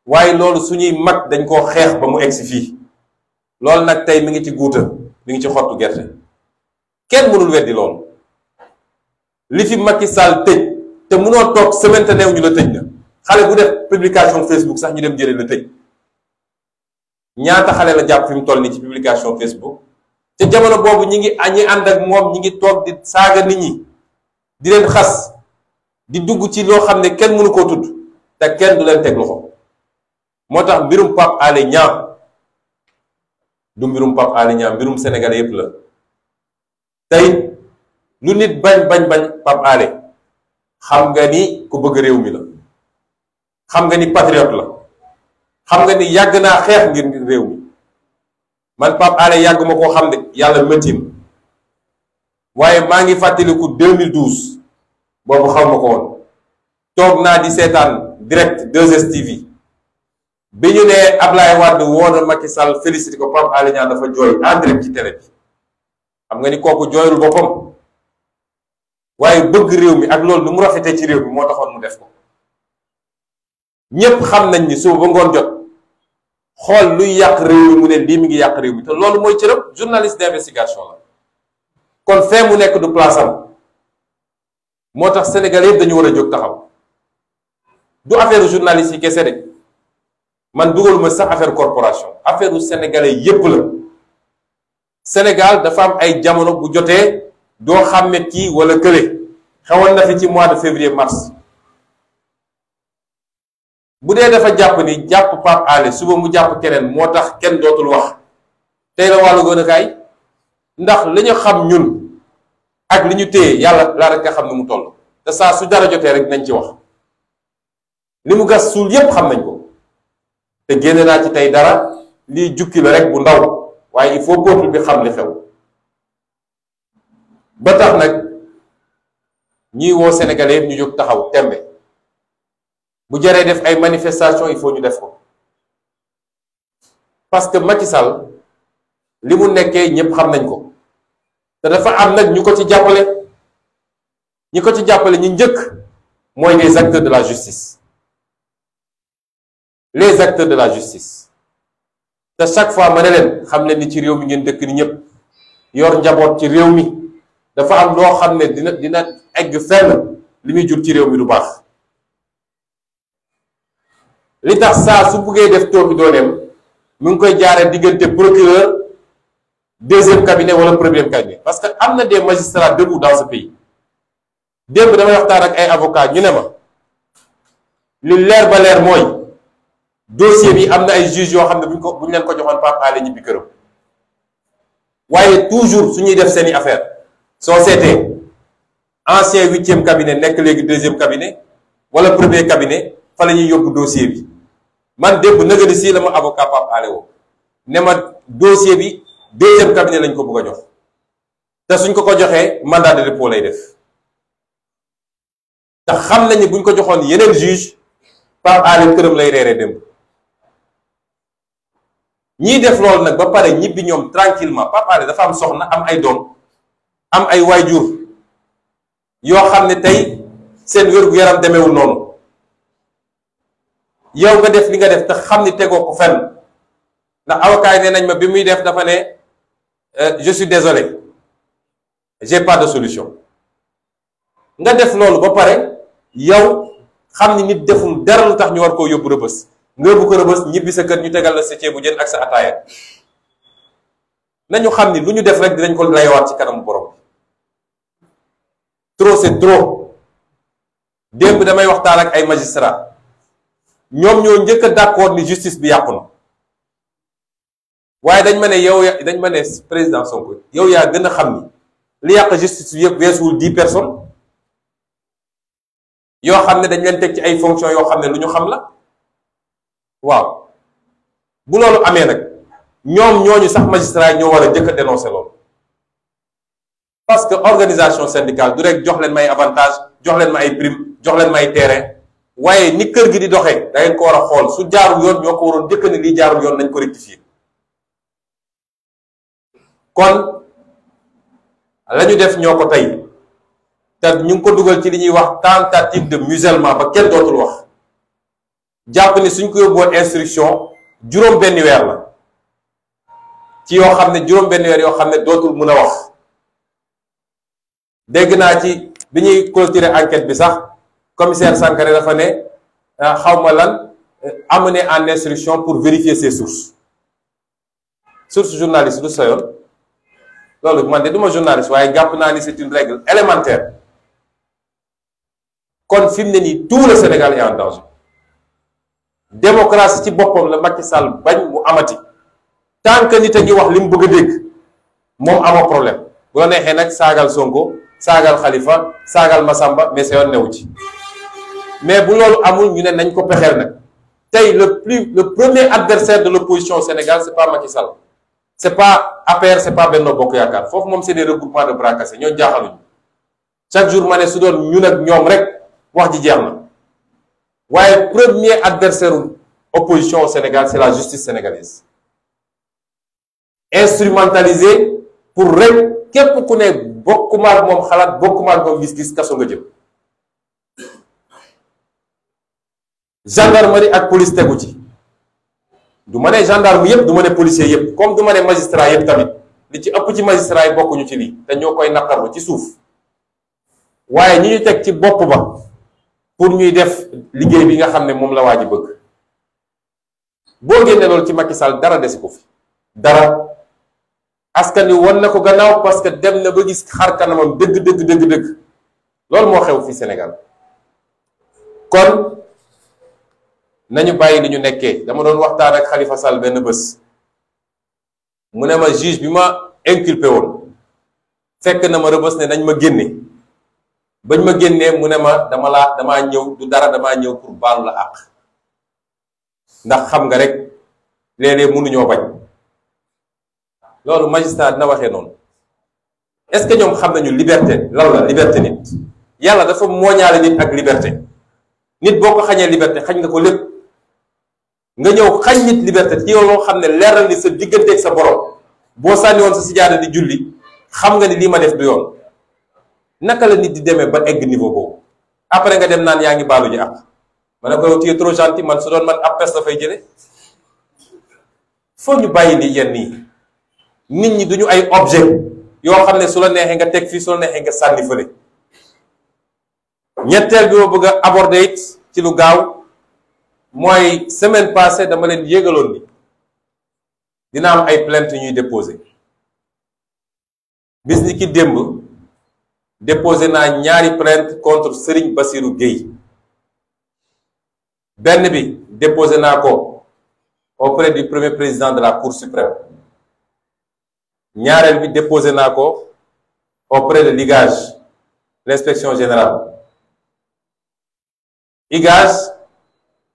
waaye loolu suñuy mag dañ ko xeex ba mu egsi fii loolu nag tey mu ngi ci guuta mi ngi ci xottu gerte kenn mënul weddi loolu li fi Macky Sall tëj te mënoo toog semaine te neew ñu la tëj na xale bu def publication Facebook sax ñu dem jëlee la tëj ñaata xale la jàpp fi mu toll nii ci publication Facebook. te jamono boobu ñi ngi ñi ànd ak moom ñi ngi toog di saaga nit ñi di leen xas di dugg ci loo xam ne kenn mënu koo tudd te kenn du leen teg loxo moo tax mbirum Pape Alé du mbirum Pape Alé mbirum sénégalais yépp la tey lu nit bañ bañ bañ Pape Alé xam nga ni ku bëgg réew mi la xam nga ni patriote la xam nga ni yàgg naa xeex ngir réew mi man Pape Alé yàgg ma koo xam ne yàlla métier waaye maa ngi fàttaliku 2012 boobu xaw ma ko woon toog naa di seetaan direct 2STV bi ñu ne nee Ablaye Wade woo na Macky Sall félicité ko Pape Alé Niang dafa jooy en direct ci télé bi xam nga ni kooku jooyul boppam waaye bëgg réew mi ak loolu nu mu rafete ci réew mi moo taxoon mu def ko ñépp xam nañ ni suba ba ngoon jot xool luy yàq réew mi mu ne lii mi ngi yàq réew mi te loolu mooy cërëb journaliste d'investigation la kon fee mu nekk du place am moo tax Sénégal yëpp dañu war a jóg taxaw du affaire journaliste yi kese de man dugaluma sax affaire corporation affaire u sénégalais yépp la Sénégal dafa am ay jamono bu jotee doo xàmmet kii wala kële xewoon na fi ci mois de février mars bu dee dafa jàpp ni jàpp Pape Alé suba mu jàpp keneen moo tax kenn dootul wax tey la wàllu gën ndax li ñu xam ñun ak li ñu téye yàlla laa rek nga xam ni mu toll te saa su dara jotee rek nañ ci wax li mu gas suul yépp xam nañ ko te génne naa ci tey dara lii jukki la rek bu ndaw waaye il faut peuple bi xam li xew ba tax nag ñiy woo sénégalais ñu jóg taxaw tembe bu jaree def ay manifestation il faut ñu def ko parce que Macky Sall li mu nekkee ñëpp xam nañ ko te dafa am nag ñu ko ci jàppale ñi ko ci jàppale ñi njëkk mooy les acteurs de la justice les acteurs de la justice te chaque fois ma ne leen xam leen ni ci réew mi ngeen dëkk ni ñëpp yor njaboot ci réew mi dafa am loo xam ne dina dina egg fenn li muy jur ci réew mi du baax li tax saa su buggee def toobi dooleem mu ngi koy jaaree diggante procureur deuxième cabinet wala premier cabinet parce que am na des magistrats debout dans ce pays démb damay waxtaan ak ay avocats ñu ne ma li leer ba leer mooy dossier bi am na ay juges yoo xam ne buñ ko buñ leen ko joxoon Pape Alé ñibbi këram waaye toujours su ñuy def seeni affaire soo seetee ancien huitième cabinet nekk léegi deuxième cabinet wala premier cabinet fa la ñuy yóbbu dossier bi. man démb nëgëni sii la ma avocat Pape woo ne ma dossier bi deuxième cabinet lañ ko bëgg a jox te suñ ko ko joxee mandat de dépôt lay def te xam nañ ne buñ ko joxoon yeneen juge Pape Alé këram lay reeree démb ñiy def loolu nag ba pare ñibbi ñoom tranquillement Pape Alé dafa am soxna am ay doom am ay waajur yoo xam ne tey seen wér-gu-yaram demewul noonu yow nga def li nga def te xam ni tegoo ko fenn ndax avocat yi nañ ma bi muy def dafa ne euh, je suis désolé pas de solution nga def loolu ba pare yow xam ni nit deful dara lu tax ñu war koo yóbbu rëbës nga yóbbu ko rëbës ñibbi sa kër ñu tegal la sa ceebu jën ak sa ataaya nañu xam ni lu ñu def rek dinañ ko layowaat ci kanamu borom trop c'est trop démb damay waxtaan ak ay magistrat ñoom ñoo njëkk a d'accord ni justice bi yàqu na waaye dañ ma ne yow dañ ma ne président Sonko yow yaa gën a xam ni li yàq justice bi yëpp weesuwul dix personnes yoo xam ne dañ leen teg ci ay fonctions yoo xam ne lu ñu xam la waaw bu loolu amee nag ñoom ñooñu sax magistrat yi ñoo war a njëkk a dénoncer parce que organisation syndicale du rek jox leen may avantage jox leen ma ay prime jox leen ma ay terrain waaye ni kër gi di doxee da ko war a xool su jaarul yoon ñoo ko waroon jëkk ni lii jaarul yoon nañ ko rectifier kon la def ñoo ko tey te ñu ngi ko dugal ci li ñuy wax tentative de musellement ba kenn dootul wax jàpp ni suñ ko yóbbuwoon instruction juróom benn weer la ci yoo xam ne juróom benn weer yoo xam ne dootul mën a wax dégg naa ci bi ñuy clôturer enquête bi sax commissaire Sankharé dafa ne euh, xaw ma lan euh, amené en instruction pour vérifier ses sources source journaliste du soyoon loolu man de du ma journaliste waaye jàpp naa ni c'est une règle élémentaire kon fi mu ne nii tout le Sénégal en danger démocratie ci boppam la Macky Sall bañ mu amati tant que nit a ngi wax li mu bëgg a dégg moom amoo problème bu la neexee nag saagal Sonko saagal Khalifa saagal Massamba mais sa yoon newu ci. mais bu loolu amul ñu ne nañ ko pexeel nag tey le plus le premier adversaire de l'opposition au Sénégal c'est pas Macky Sall c'est pas APR c'est pas Benno Bokk Yaakaar foofu moom c'est des regroupements de bras cassés ñoo jaaxaluñu chaque jour ma ne su doon ñun ak ñoom rek wax ji jeex na waaye premier adversaire opposition au Sénégal c'est la justice sénégalaise instrumentalisée pour rek képp ku ne bokk maar moom xalaat bokkuma ak moom gis-gis kaso nga gendarmerie ak police tegu ci du ma ne gendarme yëpp du ma ne policier yëpp comme du ma ne magistrat yëpp tamit li ci ëpp ci magistrat yi bokkuñu ci lii te ñoo koy naqarlu ci suuf waaye ñi ñu teg ci bopp ba pour ñuy def liggéey bi nga xam ne moom la waa ji bëgg boo génnee loolu ci Macky Sall dara des ko fi dara askan wi won na ko gannaaw parce que dem na ba gis xar kanamam dëgg dëgg dëgg dëgg loolu moo xew fi Sénégal kon nañu bàyyi li ñu nekkee dama doon waxtaan ak Khalifa Sall benn bës mu ne ma juge bi ma inculpé woon fekk na ma rëbës ne nañ ma génne bañ ma génnee mu ne ma dama laa damaa ñëw du dara damaa ñëw pour baalu la àq ndax xam nga rek léeg-léeg mënuñoo bañ loolu magistrat dina waxee noonu est-ce que ñoom xam nañu liberté lan la liberté nit yàlla dafa mooñaale nit ak liberté nit boo ko xañee liberté xañ nga ko lépp nga ñëw xañ nit liberté ci yow loo xam ne leer na ni sa diggante ak sa borom boo sànni woon sa sijaada di julli xam nga ni lii ma def du yoon naka la nit di demee ba egg niveau boobu après nga dem naan yaa ngi baalu ji àq ma ne ko yow tu trop gentil man su doon man ab pes dafay jële foo ñu bàyyi li yenn yi nit ñi duñu ay objet yoo xam ne su la neexee nga teg fii su la neexee nga sànni fële ñetteel bi ma bëgg a it ci lu gaaw mooy semaine passée dama leen yëgaloon ni dina am ay plainte ñuy déposé bis ki démb déposé naa ñaari plainte contre Serigne bassiru Gueye benn bi déposé naa ko auprès du premier président de la Cour suprême ñaareel bi déposé naa ko auprès de l'IGAJ l'inspection générale IGAJ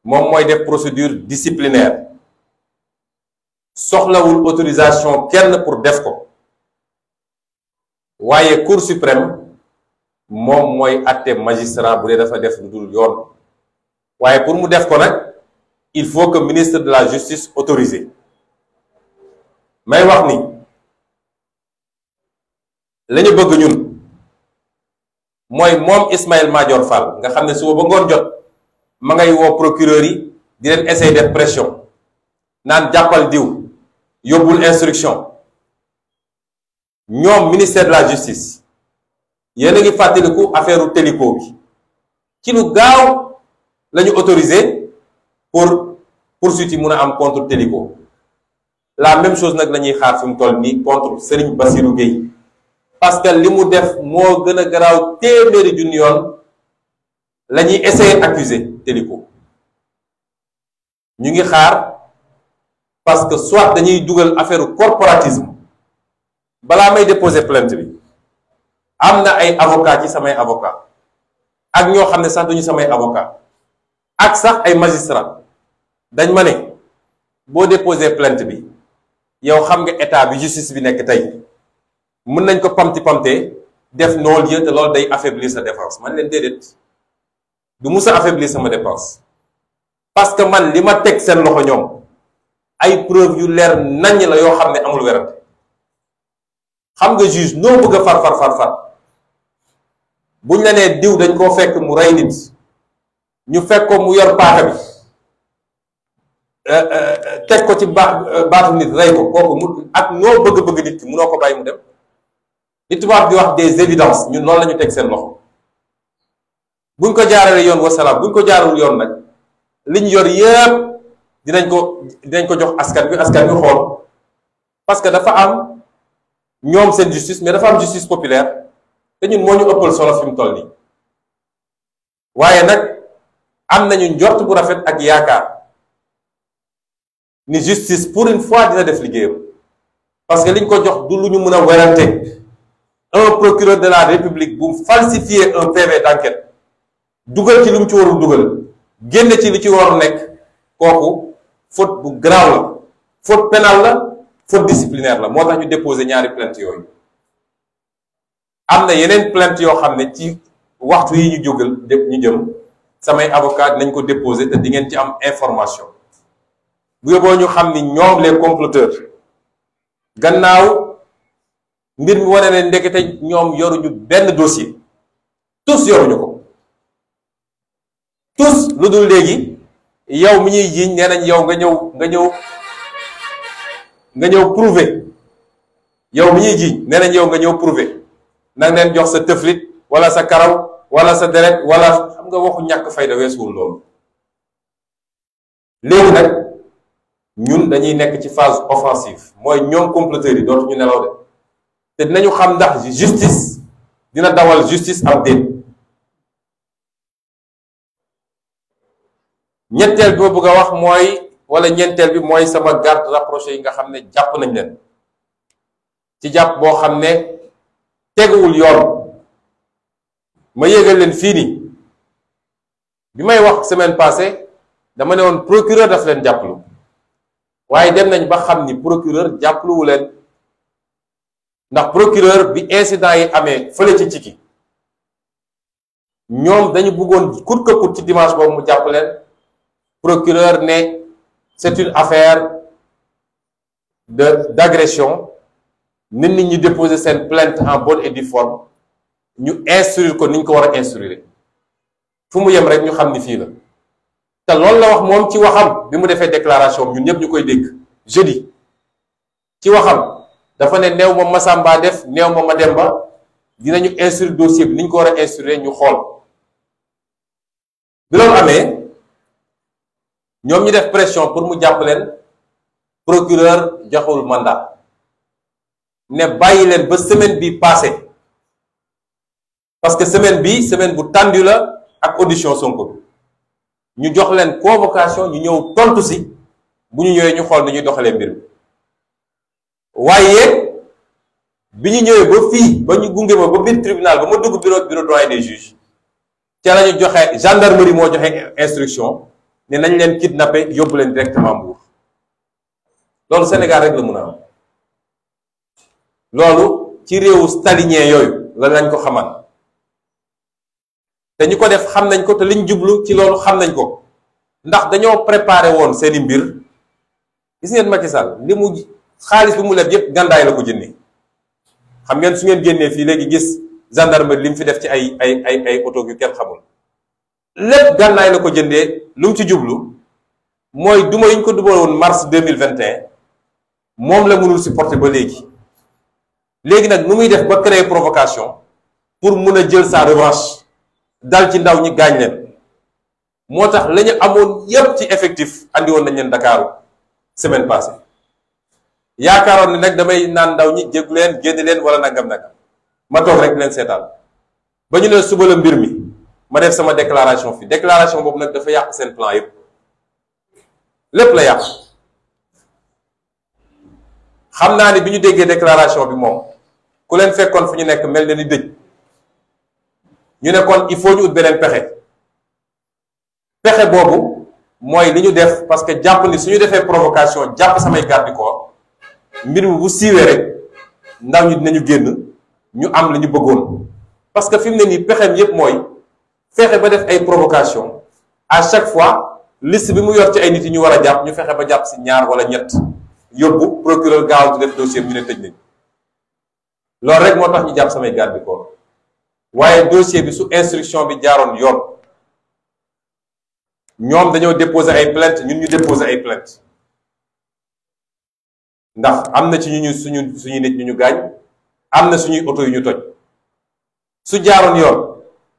moom mooy def procédure disciplinaire soxlawul autorisation kenn pour def ko waaye cour suprême moom mooy àtte magistrat bu dee dafa def lu dul yoon waaye pour mu def ko nag il faut que ministre de la justice autorisé may wax ni la ñu bëgg ñun mooy moom Ismaïla Madior Fall nga xam ne suba ba ngoon jot. ma ngay woo procureur yi di leen essayer def pression naan jàppal diw yóbbul instruction ñoom ministère de la justice yéen a ngi fàttaliku affaire Télico bi ki lu gaaw la ñu autorisé pour poursuite yi mun a am contre Télico la même chose nag lañuy ñuy xaar fi toll nii contre Serigne Bassirou Gueye parce que li mu def moo gën a garaaw téeméeri junni yoon la ñuy essayer accuser Téliko ñu ngi xaar parce que soit dañuy dugal affaire corporatisme balaa may déposer plainte bi am na ay avocat ci samay avocat ak ñoo xam ne sax duñu samay avocat ak sax ay magistrat dañ ma ne boo déposer plainte bi yow xam nga état bi justice bi nekk tey mun nañ ko pamti pamtee def non lieu te loolu day affaiblir sa défense man leen déedéet du musa affaire affaiblir sama dépense parce que man li ma teg seen loxo ñoom ay preuve yu leer naññ la yoo xam ne amul werante xam nga juge noo bëgg a far far far far buñ la nee diw dañ koo fekk mu rey nit ñu fekk ko mu yor paaka bi euh, euh, teg ko ci baax euh, baatu nit rey ko kooku ak noo bëgg bëgg nit ki munoo ko bàyyi mu dem li tubaab di wax des évidences ñu noonu la ñu teg seen loxo. buñ ko jaaralee yoon wasalaam buñ ko jaarul yoon nag liñ yor yépp dinañ ko dinañ ko jox askan bi askan bi xool parce que dafa am ñoom seen justice mais dafa am justice populaire te ñun moo ñu ëppal solo fi mu toll nii waaye nag am nañu njort bu rafet ak yaakaar ni justice pour une fois dina def liggéeyam parce que liñ ko jox du lu ñu mën a werante un procureur de la république bu falsifier un PV d'enquête dugal ci lu mu ci warul dugal génn ci li ci war nekk kooku faute bu grave la faute pénale la faute disciplinaire la moo tax ñu déposé ñaari plainte yooyu am na yeneen plainte yoo xam ne ci waxtu yi ñu jógal ñu jëm samay avocat nañ ko déposé te di ngeen ci am information bu yóbboo ñu xam ni ñoom les comploteurs gannaaw mbir mu wane ne ndekete ñoom yoruñu benn dossier tous yoruñu ko tous lu dul léegi yow mi ñuy jiiñ nee nañ yow nga ñëw nga ñëw nga ñëw prouver yow mi ñuy jiiñ nee nañ yow nga ñëw prouver nag leen jox sa tëflit wala sa karaw wala sa deret wala xam nga waxu ñàkk fayda weesuwul loolu léegi nag ñun dañuy nekk ci phase offensive mooy ñoom comploteurs yi ñu nelaw de te dinañu xam ndax justice dina dawal justice am ñetteel bi ma bëgg wax mooy wala ñeenteel bi mooy sama garde rapproché yi nga xam ne jàpp nañ leen ci jàpp boo xam ne teguwul yoon ma yégal leen fii nii bi may wax semaine passée dama ne woon procureur daf leen jàppalu waaye dem nañ ba xam ni procureur jàppaluwu leen ndax procureur bi incident yi amee fële ci ciki ñoom dañu bëggoon kut ka kut ci dimanche boobu mu jàpp leen procureur ne c'est une affaire de d'agression nit nit ñi déposer seen plainte en bon et due forme ñu instruire ko ni ñu ko war a instruire fu mu yem rek ñu xam ni fii la te loolu la wax moom ci waxam bi mu defee déclaration ñun ñëpp ñu koy dégg jeudi ci waxam dafa ne néew ma Masamba def néew ma Mademba dinañu instruire dossier bi ni ko war a instruire ñu xool bi loolu amee. ñoom ñu def pression pour mu jàpp leen procureur joxul mandat ne bàyyi leen ba semaine bi passé parce que semaine bi semaine bu tàndu la ak audition Sonko ñu jox leen convocation ñu ñëw tontu si bu ñu ñëwee ñu xool ni ñuy doxalee mbir mi waaye bi ñu ñëwee ba fii ba ñu gunge ma ba biir tribunal ba ma dugg bureau bureau doyen des juges ca la ñu joxe gendarmerie moo joxe instruction. ne nañ leen kidnappé yóbbu leen directement Mbour loolu Sénégal rek la mun a am loolu ci réewu stalinien yooyu la lañ ko xamal te ñu ko def xam nañ ko te liñ jublu ci loolu xam nañ ko ndax dañoo préparé woon seeni mbir gis ngeen Macky Sall li mu xaalis bi mu leb yépp gàndaay la ko jëndee xam ngeen su ngeen génnee fii léegi gis gendarmerie li mu fi def ci ay ay ay ay oto yu kenn xamul lépp gànnaay la ko jëndee lu mu ci jublu mooy duma yi ko duma woon mars mille vingt et moom la mënul supporter ba léegi léegi nag nu muy def ba créer provocation pour mun a jël sa revanche dal ci ndaw ñi gaañ leen moo tax la amoon yëpp ci effectif andi woon nañ leen Ndakaaru semaine passée yaakaaroon ni nag damay naan ndaw ñi jéggu leen génn leen wala nangam nag ma toog rek leen seetaan ba ñu ne suba la mbir mi. ma def sama déclaration fi déclaration boobu nag dafa yàq seen plan yëpp lépp la yàq xam naa ni bi ñu déggee déclaration bi moom ku leen fekkoon fu ñu nekk mel na ni dëj ñu ne il faut ñu ut beneen pexe pexe boobu mooy li ñu def parce que jàpp ni suñu defee provocation jàpp samay garde corps mbir mi bu siiwee rek ndaw ñi dinañu génn ñu am li ñu bëggoon parce que fi mu ne nii pexeem yépp mooy fexe ba def ay provocation à chaque fois liste bi mu yor ci ay nit yi ñu war a jàpp ñu fexe ba jàpp si ñaar wala ñett yóbbu procureur gaaw di def dossier bi ñu ne tëj nañ loolu rek moo tax ñu jàpp samay garde du corps waaye dossier bi su instruction bi jaaroon yoon ñoom dañoo déposer ay plainte ñun ñu déposer ay plainte ndax am na ci ñu ñu suñu suñu nit ñu ñu gaañ am na suñuy oto yu ñu toj su jaaroon yoon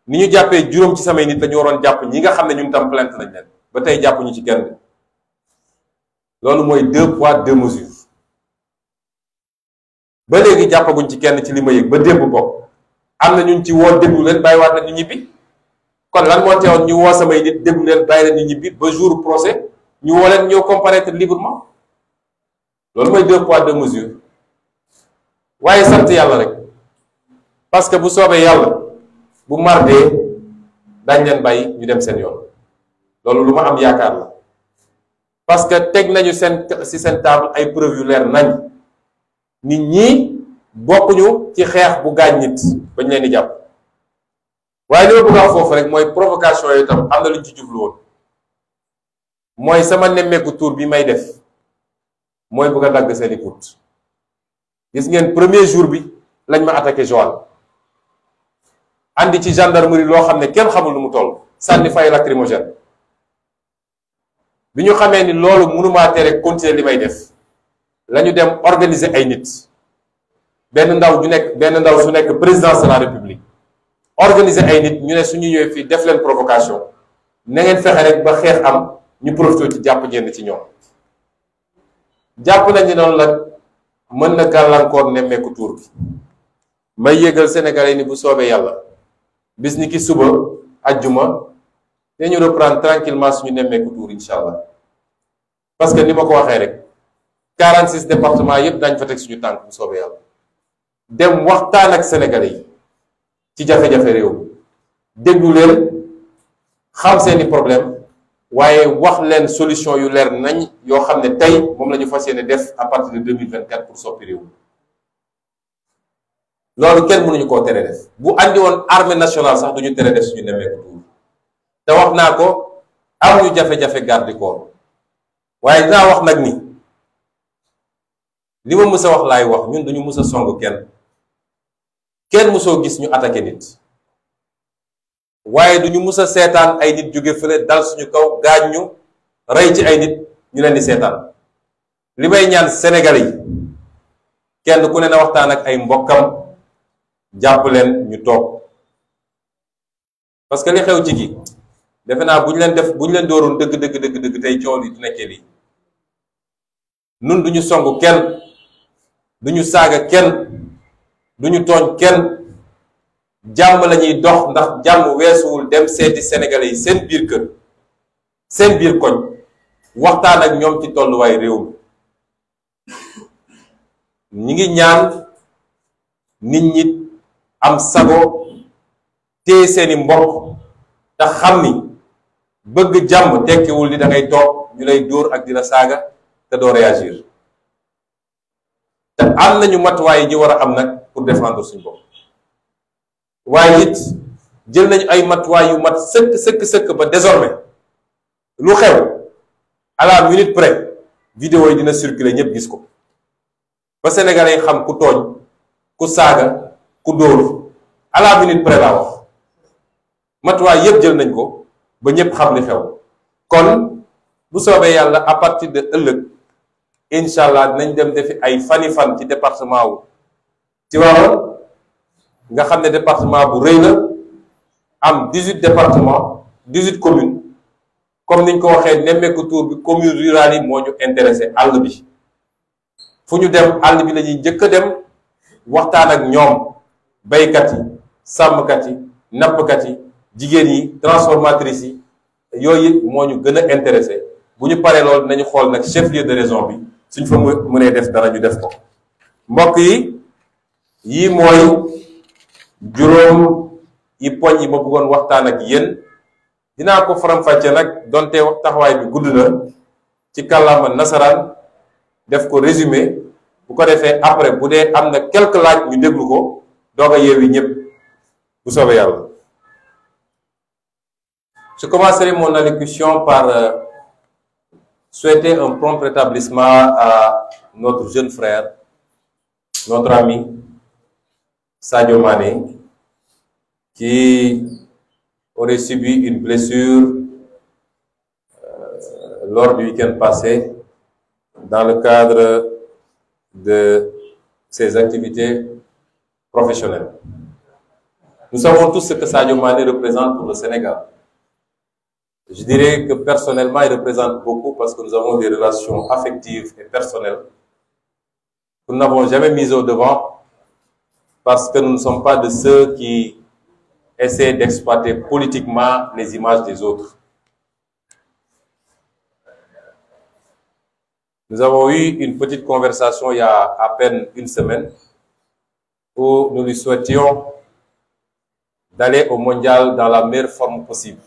ni ñu jàppee juróom ci samay nit dañu waroon jàpp ñi nga xam ne ñun tam plainte nañ leen ba tey jàpp ñu ci kenn loolu mooy deux poids deux mesures ba léegi jàppaguñ ci kenn ci li ma yëg ba démb bopp am na ñun ci woo déglu leen bàyyiwaat nañ ñu ñibbi kon lan moo teewoon ñu woo samay nit déglu leen bay leen ñu ñibbi ba jour procès ñu woo leen ñëw comparaître librement loolu mooy deux poids deux mesures waaye sant yàlla rek parce que bu soobee yàlla. bu mardee dañ leen bàyyi ñu dem seen yoon loolu lu ma am yaakaar la parce que teg nañu seen ci seen table ay preuve yu leer nañ nit ñi bokkuñu ci xeex bu gaañ nit bañ leen di jàpp waaye li ma bëgg foofu rek mooy provocation yooyu tam am na luñ ci jublu woon mooy sama nemmeeku tour bi may def mooy bëgg a dagg seeni put gis ngeen premier jour bi lañ ma attaqué Joal andi ci gendarmerie loo xam ne kenn xamul lu mu toll sànni fay lacrymogène bi ñu xamee ni loolu mënumaa tere continuer li may def lañu dem organiser ay nit benn ndaw ju nekk benn ndaw su nekk présidence de la république organiser ay nit ñu ne suñu ñëwee fii def leen provocation na ngeen fexe rek ba xeex am ñu profité ci jàpp ñenn ci ñoom jàpp nañu noonu nag mën na gàllankoor nemmeeku tuur bi may yëgal sénégalais ni bu soobee yàlla bis ni ki suba ajjuma te ñu reprendre tranquillement suñu nemmeeku tuur incha allah parce que ni ma ko waxee rek 46 départements yépp dañ fa teg suñu tànk bu soobee yàlla dem waxtaan ak sénégal yi ci jafe-jafe réew déglu leen xam seeni problème waaye wax leen solution yu leer nañ yoo xam ne tey moom la ñu fas yéene def à partir de 2024 pour soppi réew loolu kenn mënuñu koo tere def bu andi woon armée nationale sax duñu tere def suñu nemmeeku tuur te wax naa ko amuñu jafe-jafe garde corps waaye dinaa wax nag ni li ma mës a wax laay wax ñun duñu mësa a song kenn kenn mësoo gis ñu attaqué nit waaye duñu mës a seetaan ay nit jóge fële dal suñu kaw gaañ ñu rey ci ay nit ñu leen di seetaan li may ñaan Sénégal yi kenn ku ne na waxtaan ak ay mbokkam jàpp leen ñu toog parce que li xew ci gi defe naa bu ñu leen def bu ñu leen dooroon dëgg dëgg dëgg dëgg tey coow li du nekkee nun du ñu song kenn du ñu saaga kenn du ñu tooñ kenn jàmm lañuy dox ndax jàmm weesuwul dem seeti sénégalais yi seen biir kër seen biir koñ waxtaan ak ñoom ci tolluwaay réew mi ñi ngi ñaan nit ñi am sago téye seeni mbokk te xam ni bëgg jàmm tekkiwul ni da toog ñu lay dóor ak dina saaga te doo réagir te am na ñu matuwaay yi ñu war a am nag pour défendre suñu bopp waaye it jël nañu ay matuwaay yu mat sëkk sëkk sëkk ba désormais lu xew à la minute près vidéo yi dina circuler ñépp gis ko ba sénégalais yi xam ku tooñ ku saaga ku dóor à la minute près laa yépp jël nañ ko ba ñépp xam li xew kon bu soobee yàlla à partir de ëllëg incha allah dinañ dem defi ay fani fan ci département wu Tivaouane nga xam ne département bu rëy la am 18 département 18 commune comme niñ ko waxee nemmeeku tour bi commune rurale yi moo ñu intéressé àll bi fu ñu dem àll bi lañuy ñuy njëkk a dem waxtaan ak ñoom baykat yi sàmmkat yi nappkat yi jigéen yi transformatrice yi yooyu it moo ñu gën a intéressé bu ñu paree loolu nañu xool nag chef lieu de raison bi suñ fa mënee def dara ñu def ko mbokk yi yii mooy juróom yi poñ yi ma bëggoon waxtaan ak yéen dinaa ko faram nag donte taxawaay bi gudd na ci kàllaama nasaraan def ko résumé bu ko defee après bu dee am na quelques laaj ñu déglu ko doog a yeewi ñëpp bu soobee yàlla je commencerai mon allocution par euh, souhaiter un prompt rétablissement à notre jeune frère notre ami Sadio Mané qui aurait subi une blessure euh, lors du week passé dans le cadre de ses activités professionnel. Nous savons tous ce que Sadio Mané représente pour le Sénégal. Je dirais que personnellement, il représente beaucoup parce que nous avons des relations affectives et personnelles nous n'avons jamais mises au devant parce que nous ne sommes pas de ceux qui essaient d'exploiter politiquement les images des autres. Nous avons eu une petite conversation il y a à peine une semaine où nous lui souhaitions d'aller au mondial dans la meilleure forme possible.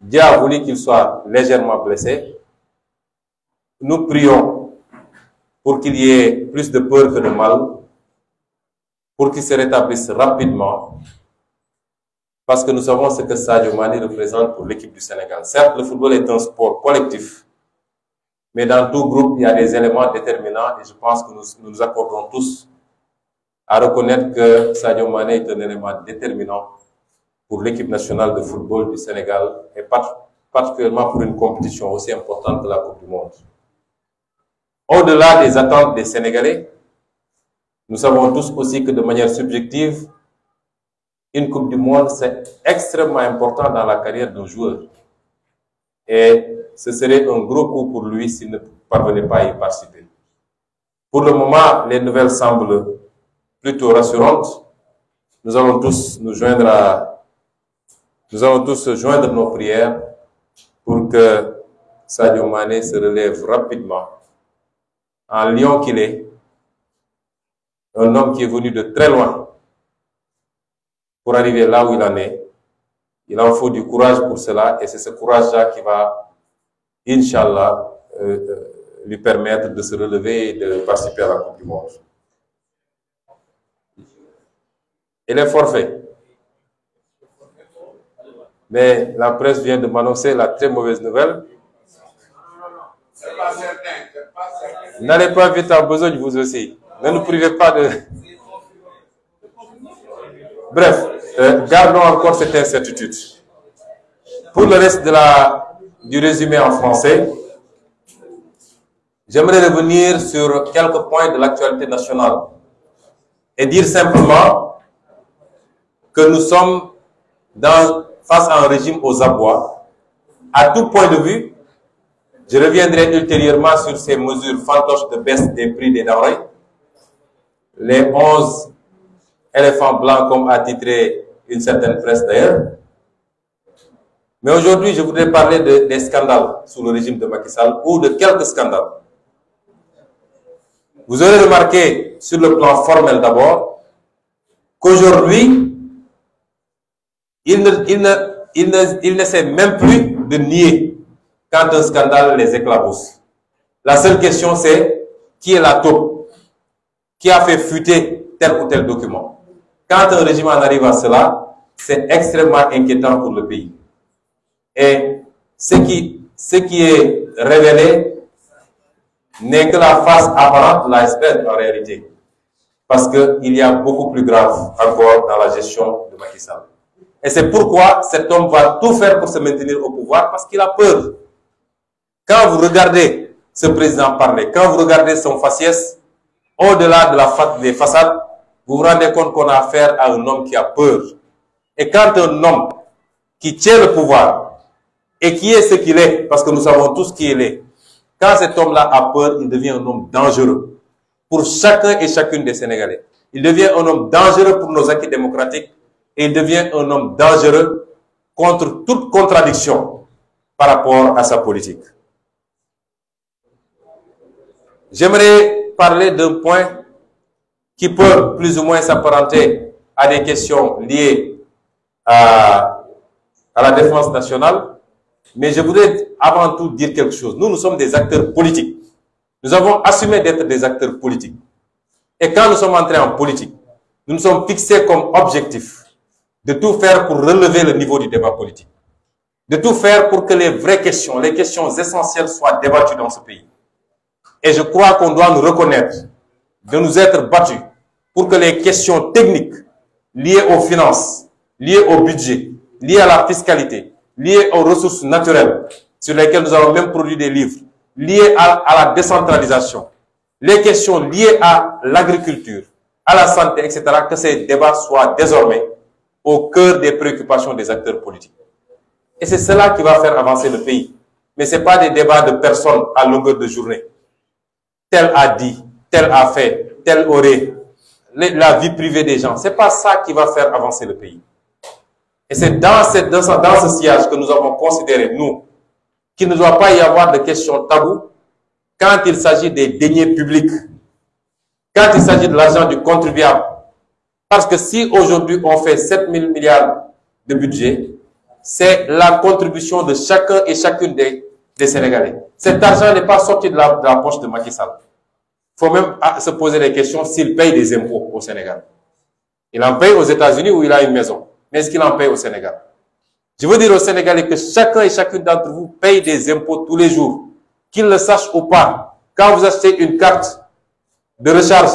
Dieu a voulu qu'il soit légèrement blessé. Nous prions pour qu'il y ait plus de peur que de mal, pour qu'il se rétablisse rapidement, parce que nous savons ce que Sadio Mané représente pour l'équipe du Sénégal. Certes, le football est un sport collectif, mais dans tout groupe, il y a des éléments déterminants et je pense que nous nous, nous accordons tous à reconnaître que Sadio Mané est un élément déterminant pour l'équipe nationale de football du Sénégal et particulièrement pour une compétition aussi importante que la Coupe du Monde. Au-delà des attentes des Sénégalais, nous savons tous aussi que de manière subjective, une Coupe du Monde, c'est extrêmement important dans la carrière d'un joueur. Et ce serait un gros coup pour lui s'il ne parvenait pas à y participer. Pour le moment, les nouvelles semblent plutôt rassurante, nous allons tous nous joindre nos prières pour que Sadio Mané se relève rapidement. En lion qu'il est, un homme qui est venu de très loin pour arriver là où il en est. Il en faut du courage pour cela et c'est ce courage-là qui va, Inch'Allah, euh, euh, lui permettre de se relever et de participer à la Coupe Il est forfait. Mais la presse vient de m'annoncer la très mauvaise nouvelle. N'allez pas vite en besogne, vous aussi. Ne nous privez pas de... Bref, euh, gardons encore cette incertitude. Pour le reste la, du résumé en français, j'aimerais revenir sur quelques points de l'actualité nationale et dire simplement que nous sommes dans, face à un régime aux abois. À tout point de vue, je reviendrai ultérieurement sur ces mesures fantoches de baisse des prix des denrées. Les 11 éléphants blancs, comme a titré une certaine presse d'ailleurs. Mais aujourd'hui, je voudrais parler de, des scandales sous le régime de Macky Sall ou de quelques scandales. Vous aurez remarqué, sur le plan formel d'abord, qu'aujourd'hui, Il ne, il ne, il n'essaie même plus de nier quand un scandale les éclabousse. La seule question, c'est qui est la taupe? Qui a fait fuiter tel ou tel document? Quand un régime en arrive à cela, c'est extrêmement inquiétant pour le pays. Et ce qui, est révélé n'est que la face apparente de l'iceberg en réalité. Parce que y a beaucoup plus grave encore dans la gestion de Macky Et c'est pourquoi cet homme va tout faire pour se maintenir au pouvoir, parce qu'il a peur. Quand vous regardez ce président parler, quand vous regardez son faciès, au-delà de la fa des façades, vous rendez compte qu'on a affaire à un homme qui a peur. Et quand un homme qui tient le pouvoir et qui est ce qu'il est, parce que nous savons tous qui est, quand cet homme-là a peur, il devient un homme dangereux pour chacun et chacune des Sénégalais. Il devient et devient un homme dangereux contre toute contradiction par rapport à sa politique. J'aimerais parler d'un point qui peut plus ou moins s'apparenter à des questions liées à, à la défense nationale, mais je voudrais avant tout dire quelque chose. Nous, nous sommes des acteurs politiques. Nous avons assumé d'être des acteurs politiques. Et quand nous sommes entrés en politique, nous nous sommes fixés comme objectif de tout faire pour relever le niveau du débat politique, de tout faire pour que les vraies questions, les questions essentielles soient débattues dans ce pays. Et je crois qu'on doit nous reconnaître de nous être battus pour que les questions techniques liées aux finances, liées au budget, liées à la fiscalité, liées aux ressources naturelles, sur lesquelles nous avons même produit des livres, liées à, à la décentralisation, les questions liées à l'agriculture, à la santé, etc., que ces débats soient désormais au cœur des préoccupations des acteurs politiques. Et c'est cela qui va faire avancer le pays. Mais ce n'est pas des débats de personnes à longueur de journée. Tel a dit, tel a fait, tel aurait, la vie privée des gens. Ce n'est pas ça qui va faire avancer le pays. Et c'est dans, cette, dans, dans ce sillage que nous avons considéré, nous, qu'il ne doit pas y avoir de questions taboues quand il s'agit des deniers publics, quand il s'agit de l'argent du contribuable, Parce que si aujourd'hui on fait 7 000 milliards de budget, c'est la contribution de chacun et chacune des, des Sénégalais. Cet argent n'est pas sorti de la, de la, poche de Macky Sall. Il faut même ah, se poser les questions s'il paye des impôts au Sénégal. Il en paye aux États-Unis où il a une maison. Mais est-ce qu'il en paye au Sénégal Je veux dire aux Sénégalais que chacun et chacune d'entre vous paye des impôts tous les jours. Qu'ils le sachent ou pas. Quand vous achetez une carte de recharge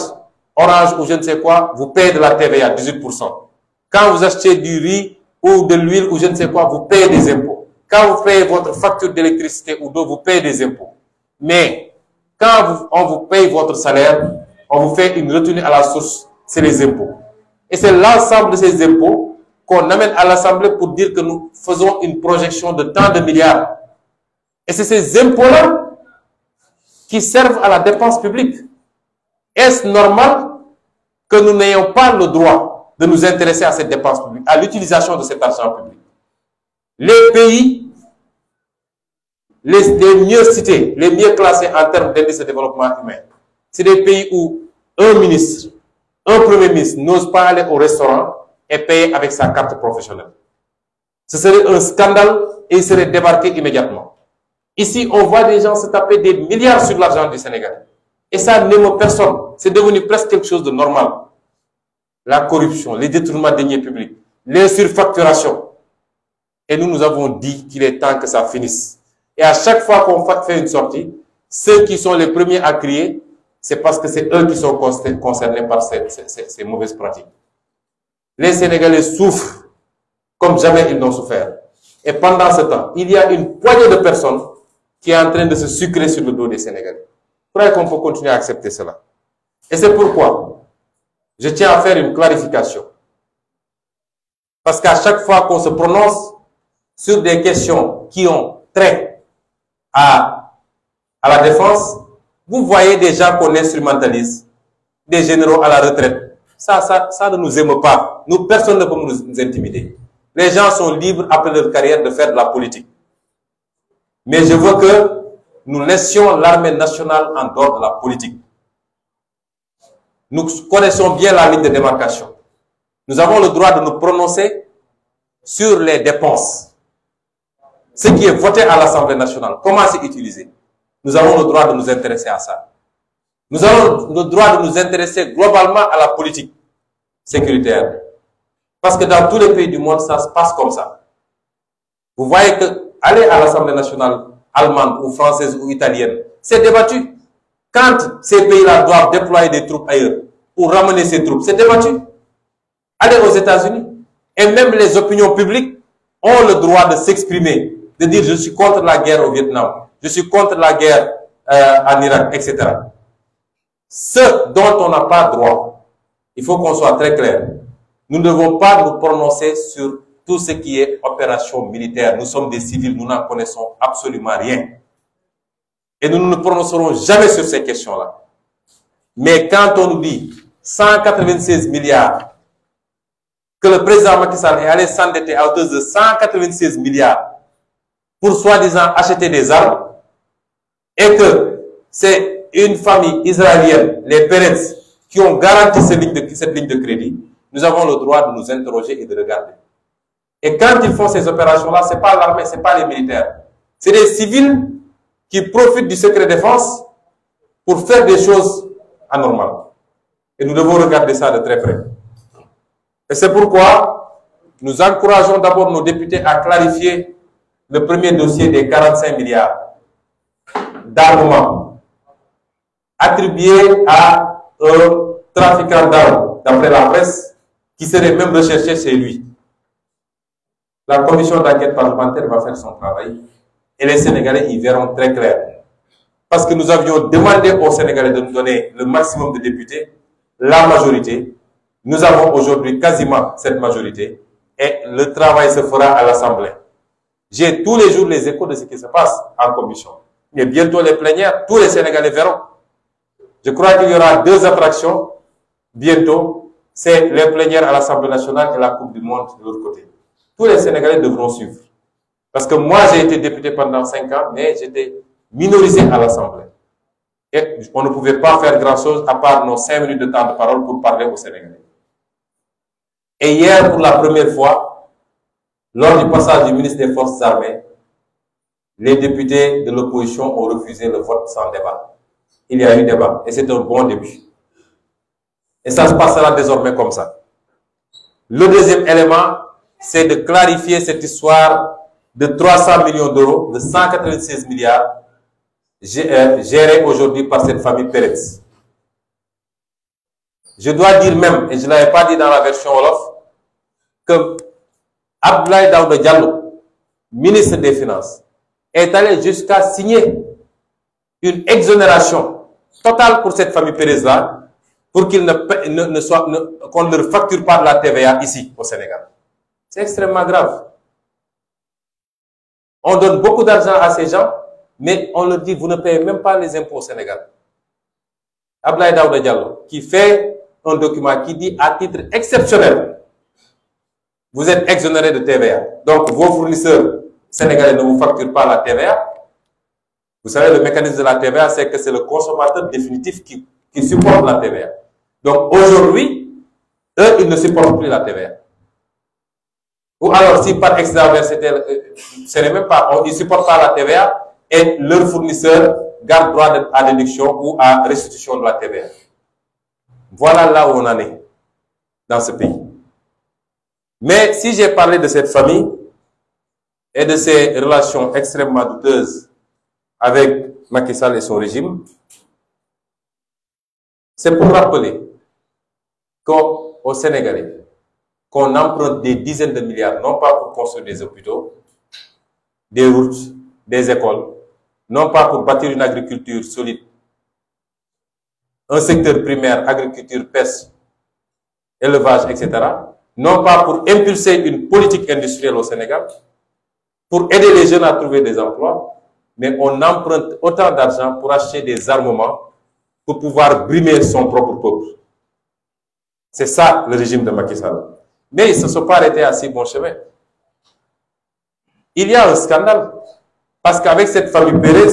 Orange ou je ne sais quoi, vous payez de la TVA, Quand vous achetez du riz ou de l'huile ou je ne sais quoi, vous payez des impôts. Quand vous payez votre facture d'électricité ou d'eau, vous payez des impôts. Mais quand vous, on vous paye votre salaire, on vous fait une retenue à la source, c'est les impôts. Et c'est l'ensemble de ces impôts qu'on amène à l'Assemblée pour dire que nous faisons une projection de tant de milliards. Et c'est ces impôts-là qui servent à la dépense publique. Est-ce normal que nous n'ayons pas le droit de nous intéresser à cette dépense publique, à l'utilisation de cet argent public? Les pays les, les mieux cités, les mieux classés en termes d'indice de développement humain, c'est des pays où un ministre, un premier ministre n'ose pas aller au restaurant et payer avec sa carte professionnelle. Ce serait un scandale et il serait débarqué immédiatement. Ici, on voit des gens se taper des milliards sur l'argent du Sénégal. Et ça n'aime personne. C'est devenu presque quelque chose de normal. La corruption, le détournements de deniers publics, les surfacturations. Et nous, nous avons dit qu'il est temps que ça finisse. Et à chaque fois qu'on fait une sortie, ceux qui sont les premiers à crier, c'est parce que c'est eux qui sont concernés par ces, ces, ces mauvaises pratiques. Les Sénégalais souffrent comme jamais ils n'ont souffert. Et pendant ce temps, il y a une poignée de personnes qui est de se sucrer sur croyez qu'on peut continuer à accepter cela. Et c'est pourquoi je tiens à faire une clarification. Parce qu'à chaque fois qu'on se prononce sur des questions qui ont trait à, à la défense, vous voyez des gens qu'on instrumentalise, des généraux à la retraite. Ça, ça, ça ne nous émeut pas. Nous, personne ne peut nous, nous intimider. Les gens sont libres après leur carrière de faire de la politique. Mais je veux que nous laissions l'armée nationale en dehors de la politique. Nous connaissons bien la ligne de démarcation. Nous avons le droit de nous prononcer sur les dépenses. Ce qui est voté à l'Assemblée nationale, comment c'est utilisé? Nous avons le droit de nous intéresser à ça. Nous avons le droit de nous intéresser globalement à la politique sécuritaire. Parce que dans tous les pays du monde, ça se passe comme ça. Vous voyez que aller à l'Assemblée nationale allemande ou française ou italienne, c'est débattu. Quand ces pays-là doivent déployer des troupes ailleurs ou ramener ces troupes, c'est débattu. Allez aux États-Unis. Et même les opinions publiques ont le droit de s'exprimer, de dire je suis contre la guerre au Vietnam, je suis contre la guerre euh, en Irak, etc. Ce dont on n'a pas droit, il faut qu'on soit très clair, nous ne devons pas nous prononcer tout ce qui est opération militaire. Nous sommes des civils, nous n'en connaissons absolument rien. Et nous ne nous prononcerons jamais sur ces questions-là. Mais quand on nous dit 196 que le président Macky Sall est allé s'endetter à hauteur de 196 milliards pour soi-disant acheter des et que c'est une famille israélienne, les Peretz, qui ont garanti cette ligne de, cette ligne de crédit, Et quand ils font ces opérations-là, c'est pas l'armée, c'est pas les militaires. C'est des civils qui profitent du secret défense pour faire des choses anormales. Et nous devons regarder ça de très près. Et c'est pourquoi nous encourageons d'abord nos à clarifier le premier des 45 milliards d'armement attribués à un trafiquant d'armes, d'après la presse, même recherché La commission d'enquête parlementaire va faire son travail et les Sénégalais y verront très clair. Parce que nous avions demandé aux Sénégalais de nous donner le maximum de députés, la majorité. Nous avons aujourd'hui quasiment cette majorité et le travail se fera à l'Assemblée. J'ai tous les jours les échos de ce qui se passe en commission. Mais bientôt les plénières, tous les Sénégalais verront. Je crois qu'il y aura deux attractions bientôt, c'est la tous les Sénégalais devront suivre. Parce que moi, j'ai été député pendant cinq ans, mais j'étais minorisé à l'Assemblée. Et on ne pouvait pas faire grand-chose à part nos minutes de temps de parole pour parler aux Sénégalais. hier, pour la première fois, lors du passage du ministre des Forces armées, les députés de l'opposition ont refusé le vote sans débat. Il y a eu débat, et c'est un bon début. Et ça se passera désormais comme ça. Le deuxième élément, c'est de clarifier cette histoire de 300 millions d'euros, de 196 milliards euh, gérés aujourd'hui par cette famille Pérez. Je dois dire même, et je ne pas dit dans la version Wolof, que Abdoulaye Daouda Diallo, ministre des Finances, est allé jusqu'à signer une exonération totale pour cette famille Pérez-là, pour qu'il ne, ne, ne, soit, qu'on ne leur facture pas de la TVA ici, au Sénégal. C'est extrêmement grave. On donne beaucoup d'argent à ces gens, mais on leur dit, vous ne payez même pas les impôts au Sénégal. Abdoulaye Daouda qui fait un document qui dit à titre exceptionnel, vous êtes exonéré de TVA. Donc vos fournisseurs sénégalais ne vous facturent pas la TVA. Vous savez, le mécanisme de la TVA, c'est que c'est le consommateur définitif qui, supporte la TVA. Donc aujourd'hui, eux, ils ne supportent plus la TVA. Ou alors, si par extraversité, euh, ce n'est même pas, on, ils ne supportent la TVA et leur fournisseur garde droit à déduction ou à restitution de la TVA. Voilà là où on en est dans ce pays. Mais si j'ai parlé de cette famille et de ses relations extrêmement douteuses avec Macky et son régime, c'est pour rappeler qu'aux Sénégalais, qu'on emprunte des dizaines de milliards, non pas pour construire des hôpitaux, des routes, des écoles, non pas pour bâtir une agriculture solide, un secteur primaire, agriculture, pêche, élevage, etc., non pas pour impulser une politique industrielle au Sénégal, pour aider les jeunes à trouver des emplois, mais on emprunte autant d'argent pour acheter des armements pour pouvoir brimer son propre peuple. C'est ça le régime de Macky Sall. Mais ils ne se sont pas arrêtés à si bon chemin. Il y a un scandale. Parce qu'avec cette famille Pérez,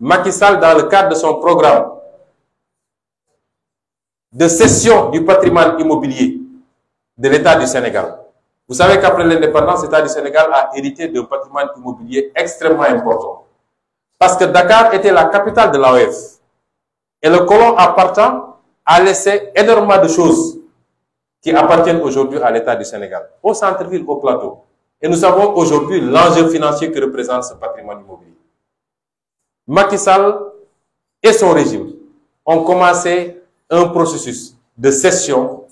Macky dans le cadre de son programme de cession du patrimoine immobilier de l'État du Sénégal, vous savez qu'après l'indépendance, l'État du Sénégal a hérité d'un patrimoine immobilier extrêmement important. Parce que Dakar était la capitale de l'AOF. Et le colon appartant a laissé énormément de choses qui appartiennent aujourd'hui à l'État du Sénégal, au centre-ville, au plateau. Et nous savons aujourd'hui l'enjeu financier que représente ce patrimoine immobilier. Macky Sall et son régime ont commencé un processus de cession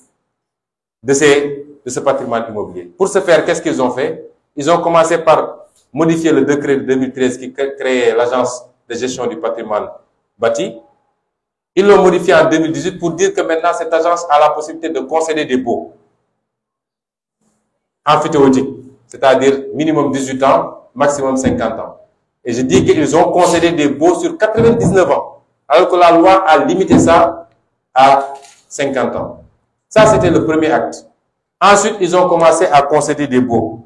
de, ces, de ce patrimoine immobilier. Pour ce faire, qu'est-ce qu'ils ont fait Ils ont commencé par modifier le décret de 2013 qui créait l'agence de gestion du patrimoine bâti Ils l'ont modifié en 2018 pour dire a la possibilité de concéder des baux emphytéotiques, c'est-à-dire minimum 18 ans, maximum 50 ans. Et je dis des baux sur 99 ans, alors que la loi a le premier acte. Ensuite, ils commencé à concéder des baux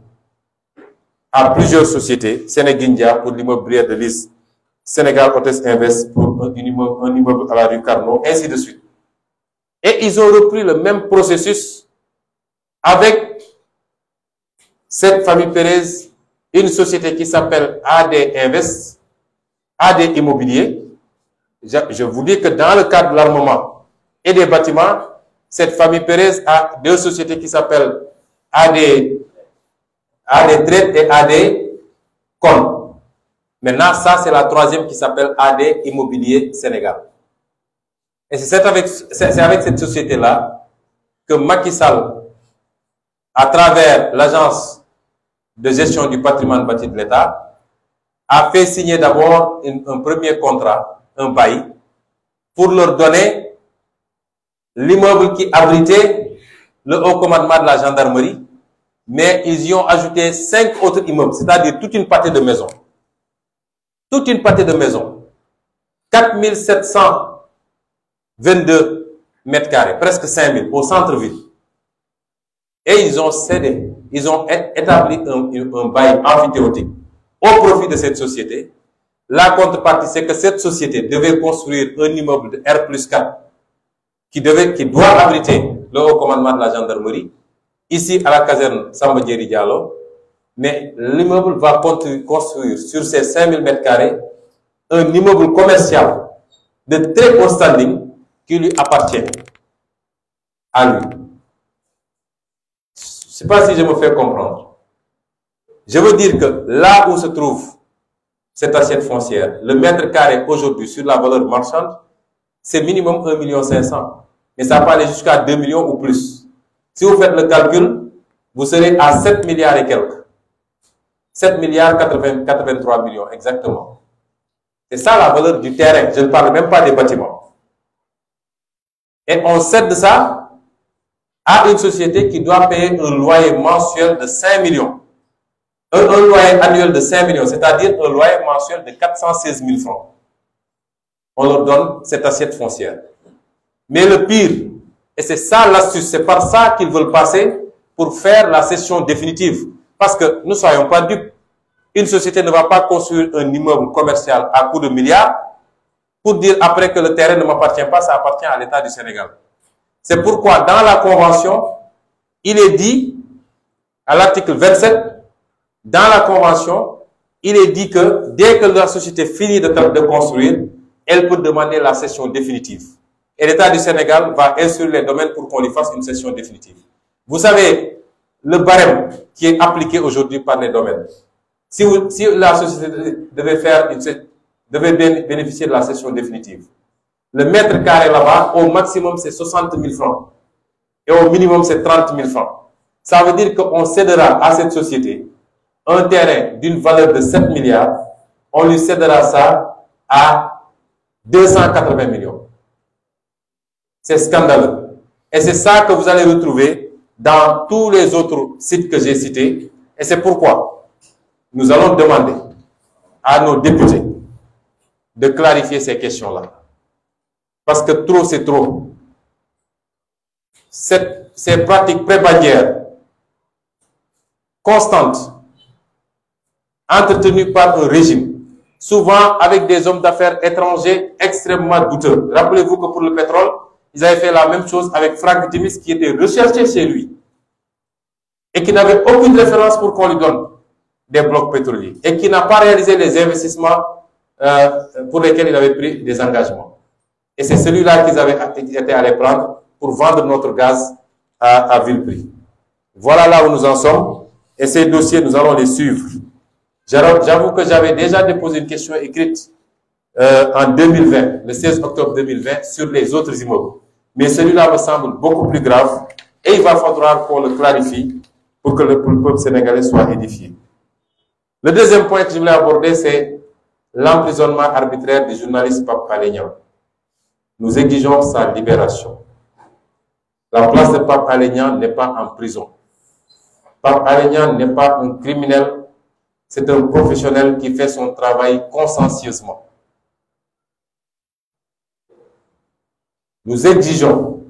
à plusieurs sociétés, Sénéguindia pour l'immobilier de l'Is, Sénégal Hôtesse Invest pour un immeuble, à la rue Carnot, ainsi de suite. Et ils ont repris le même processus avec cette famille Pérez, une société qui s'appelle AD Invest, AD Immobilier. Je vous dis que dans le cadre de l'armement et des bâtiments, cette famille Pérez a deux sociétés qui s'appellent AD, AD Trade mais Maintenant, ça, c'est la troisième qui s'appelle AD Immobilier Sénégal. Et c'est avec, avec, cette société-là que Macky Sall, à travers l'agence de gestion du patrimoine bâti de l'État, a fait signer d'abord un premier contrat, un bail, pour leur donner l'immeuble qui abritait le haut commandement de la gendarmerie, mais ils y ont ajouté cinq autres immeubles, c'est-à-dire toute une partie de maisons. toute une partie de maison 4722 mètres carrés presque 5000 au centre-ville et ils ont cédé ils ont établi un, un bail emphytéotique au profit de cette société la contrepartie c'est que cette société devait construire un immeuble de R plus 4 qui devait qui doit abriter le haut de la gendarmerie ici à la caserne Samba Diéry Diallo mais l'immeuble va construire sur ces 5000 mètres carrés un immeuble commercial de très haut standing qui lui appartient à lui. Je ne sais pas si je me fais comprendre. Je veux dire que là où se trouve cette assiette foncière, le mètre carré aujourd'hui sur la valeur marchande, c'est minimum 1 million 500. Mais ça peut aller jusqu'à 2 millions ou plus. Si vous faites le calcul, vous serez à 7 milliards et quelques. 7 milliards 80 83 millions exactement c'est ça la valeur du terrain je ne parle même pas des bâtiments et on cède ça à une société qui doit payer un loyer mensuel de 5 millions un, un loyer annuel de 5 millions c'est-à-dire un loyer mensuel de 416 000 francs on leur donne cette assiette foncière mais le pire et c'est ça l'astuce c'est par ça qu'ils veulent passer pour faire la cession définitive Parce que ne soyons Une société ne va pas construire commercial à coût de pour dire après que le terrain ne m'appartient pas, ça appartient à l'État dans la Convention, il est dit, à l'article 27, dans la Convention, il est dit que société finit de, de construire, elle peut demander la cession définitive. Et l'État du Sénégal pour qu'on lui fasse une cession définitive. le barème qui est appliqué aujourd'hui par les domaines. Si, la société devait, faire une, devait bénéficier de la cession définitive, le mètre carré là-bas, au maximum, c'est 60 000 francs. Et au minimum, c'est 30 000 francs. Ça veut dire qu'on cédera à cette société un terrain d'une valeur de 7 milliards. On lui cédera ça à 280 millions. C'est scandaleux. Et c'est ça que vous allez retrouver dans tous les autres sites que j'ai cités. Et c'est pourquoi nous allons demander à nos députés de clarifier ces questions-là. Parce que trop, c'est trop. Cette, ces pratiques prébandières constantes, entretenues par un régime, souvent avec des hommes d'affaires étrangers extrêmement douteux. Rappelez-vous que pour le pétrole, Ils avaient fait la même chose avec Frank Timis qui était recherché chez lui et qui n'avait aucune référence pour qu'on lui donne des blocs pétroliers et qui n'a pas réalisé les investissements euh, pour lesquels il avait pris des engagements. Et c'est celui-là qu'ils avaient été allés prendre pour vendre notre gaz à, à vil prix. Voilà là où nous en sommes et ces dossiers, nous allons les suivre. J'avoue que j'avais déjà déposé une question écrite euh, en le octobre sur les autres immeubles. mais celui-là me semble beaucoup plus grave et il va falloir qu'on le clarifie pour que le peuple sénégalais soit édifié. Le deuxième point que je voulais aborder, c'est l'emprisonnement arbitraire du journaliste Pape Alé Niang. Nous exigeons sa libération. La place de Pape Alé Niang n'est pas en prison. Pape Alé Niang n'est pas un criminel, c'est un professionnel qui fait son travail consciencieusement. Nous exigeons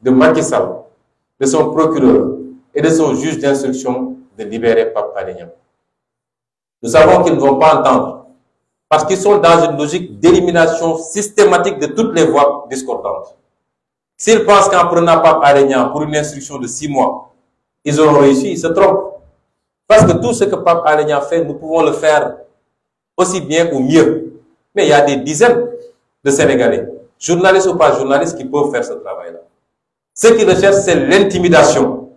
de Macky Sall, de son procureur et de son juge d'instruction de libérer Pape Alé Nous savons qu'ils ne vont pas entendre parce qu'ils sont dans une logique d'élimination systématique de toutes les voix discordantes. S'ils pensent qu'en prenant Pape Alé pour une instruction de six mois, ils auront réussi, ils se trompent. Parce que tout ce que Pape Alé Niang fait, nous pouvons le faire aussi bien ou mieux. Mais il y a des dizaines de Sénégalais journaliste ou pas journaliste, qui peuvent faire ce travail-là. Ceux qui recherchent, c'est l'intimidation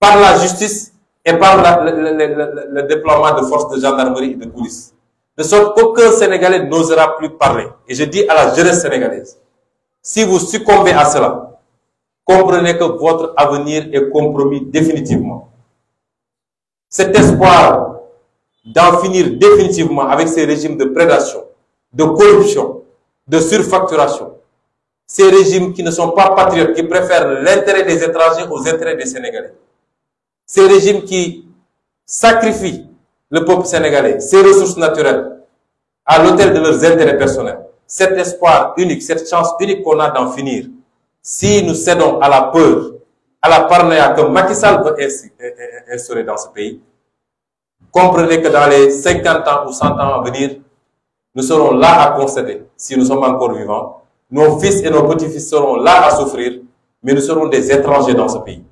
par la justice et par la, le, déploiement de forces de gendarmerie et de police. De sorte qu'aucun Sénégalais n'osera plus parler. Et je dis à la jeunesse sénégalaise, si vous succombez à cela, comprenez que votre avenir est compromis définitivement. Cet espoir d'en finir définitivement avec ces régimes de prédation, de corruption, de surfacturation. Ces régimes qui ne sont pas patriotes, qui préfèrent l'intérêt des étrangers aux intérêts des Sénégalais. Ces régimes qui sacrifient le peuple sénégalais, ses ressources naturelles, à l'autel de leurs intérêts personnels. Cet espoir unique, cette chance unique qu'on a d'en finir, si nous cédons à la peur, à la paranoïa que Macky Sall veut instaurer dans ce pays, comprenez que dans les 50 ans ou 100 ans à venir, nous serons là à constater, si nous sommes encore vivants, nos fils et nos petits-fils seront là à souffrir, mais nous serons des étrangers dans ce pays.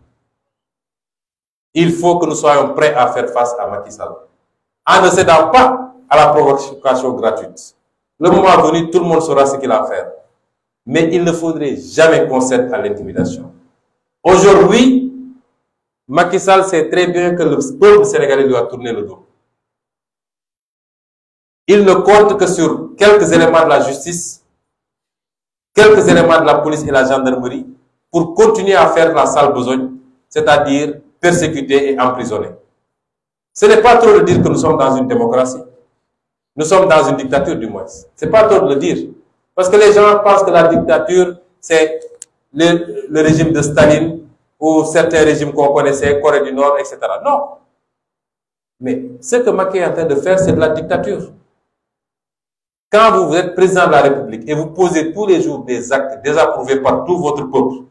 Il faut que nous soyons prêts à faire face à Macky En ne cédant pas à la provocation gratuite. Le moment venu, tout le monde saura ce qu'il a faire. Mais il ne faudrait jamais qu'on cède à l'intimidation. Aujourd'hui, Macky sait très bien que le peuple sénégalais doit tourner le dos. il ne compte que sur quelques éléments de la justice, quelques éléments de la police et la gendarmerie pour continuer à faire la sale besogne, c'est-à-dire persécuter et emprisonner. Ce n'est pas trop de dire que nous sommes dans une démocratie. Nous sommes dans une dictature, du moins. Ce pas trop de le dire. Parce que les gens pensent que la dictature, c'est le, le, régime de Staline ou certains régimes qu'on connaissait, Corée du Nord, etc. Non. Mais ce est en train de faire, c'est de Quand vous, vous êtes président de la République et vous posez tous les jours des actes désapprouvés par tout votre peuple,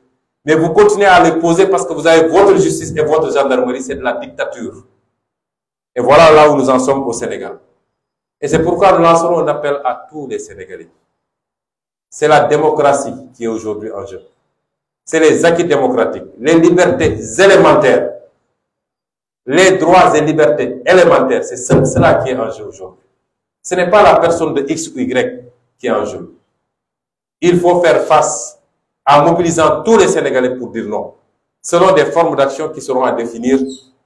mais vous continuez à les poser parce que vous avez votre justice et votre gendarmerie, c'est de la dictature. Et voilà là où nous en sommes au Sénégal. Et c'est pourquoi nous lancerons un appel à tous les Sénégalais. C'est la démocratie qui est aujourd'hui en jeu. C'est les acquis démocratiques, les libertés élémentaires, les droits et ce n'est pas la personne de X ou qui est en jeu. Il faut faire face à mobilisant tous les Sénégalais pour dire non, selon des formes d'action qui seront à définir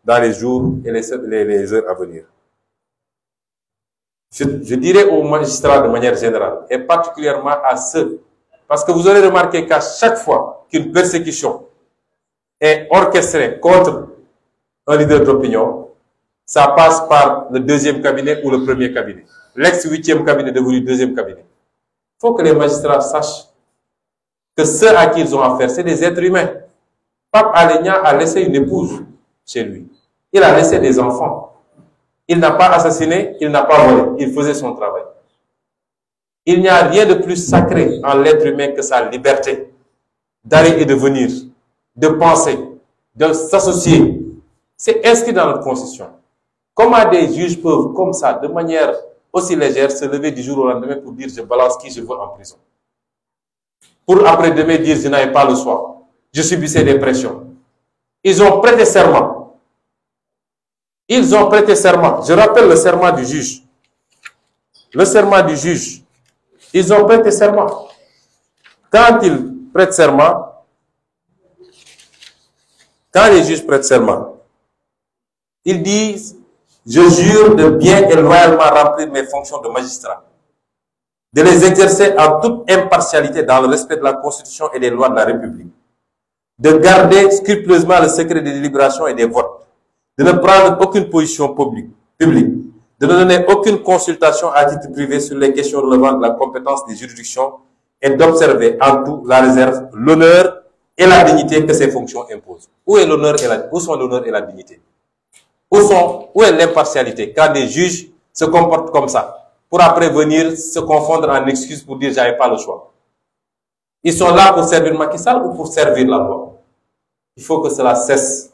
dans les jours et les, les, les heures à venir. Je, je dirais aux magistrats de manière générale, et particulièrement à ceux, parce que vous aurez remarqué qu'à chaque fois qu'une persécution est orchestrée contre un leader d'opinion, ça passe par le deuxième cabinet ou le premier cabinet. l'ex-huitième cabinet devenu deuxième cabinet. Il faut que les magistrats sachent que ceux à qui ils ont affaire, c'est des êtres humains. Pape Alenia a laissé une épouse chez lui. Il a laissé des enfants. Il n'a pas assassiné, il n'a pas volé. Il faisait son travail. Il n'y a rien de plus sacré en l'être humain que sa liberté d'aller et de venir, de penser, de s'associer. C'est inscrit dans notre constitution. Comment des juges peuvent, comme ça, de manière aussi légère, se lever du jour au lendemain pour dire je balance qui je veux en prison. Pour après demain dire je n'avais pas le soir. Je subissais des pressions. Ils ont prêté serment. Ils ont prêté serment. Je rappelle le serment du juge. Le serment du juge. Ils ont prêté serment. Quand ils prêtent serment, quand les juges prêtent serment, ils disent je jure de bien et loyalement remplir mes fonctions de magistrat, de les exercer en toute impartialité dans le respect de la Constitution et des lois de la République, de garder scrupuleusement le secret des délibérations et des votes, de ne prendre aucune position publique, publique, de ne donner aucune consultation à titre privé sur les questions relevant de la compétence des juridictions et d'observer en tout la réserve, l'honneur et la dignité que ces fonctions Où, sont, où est l'impartialité quand des juges se comportent comme ça pour après venir se confondre en excuses pour dire j'avais pas le choix Ils sont là pour servir Macky Sall ou pour servir la loi Il faut que cela cesse.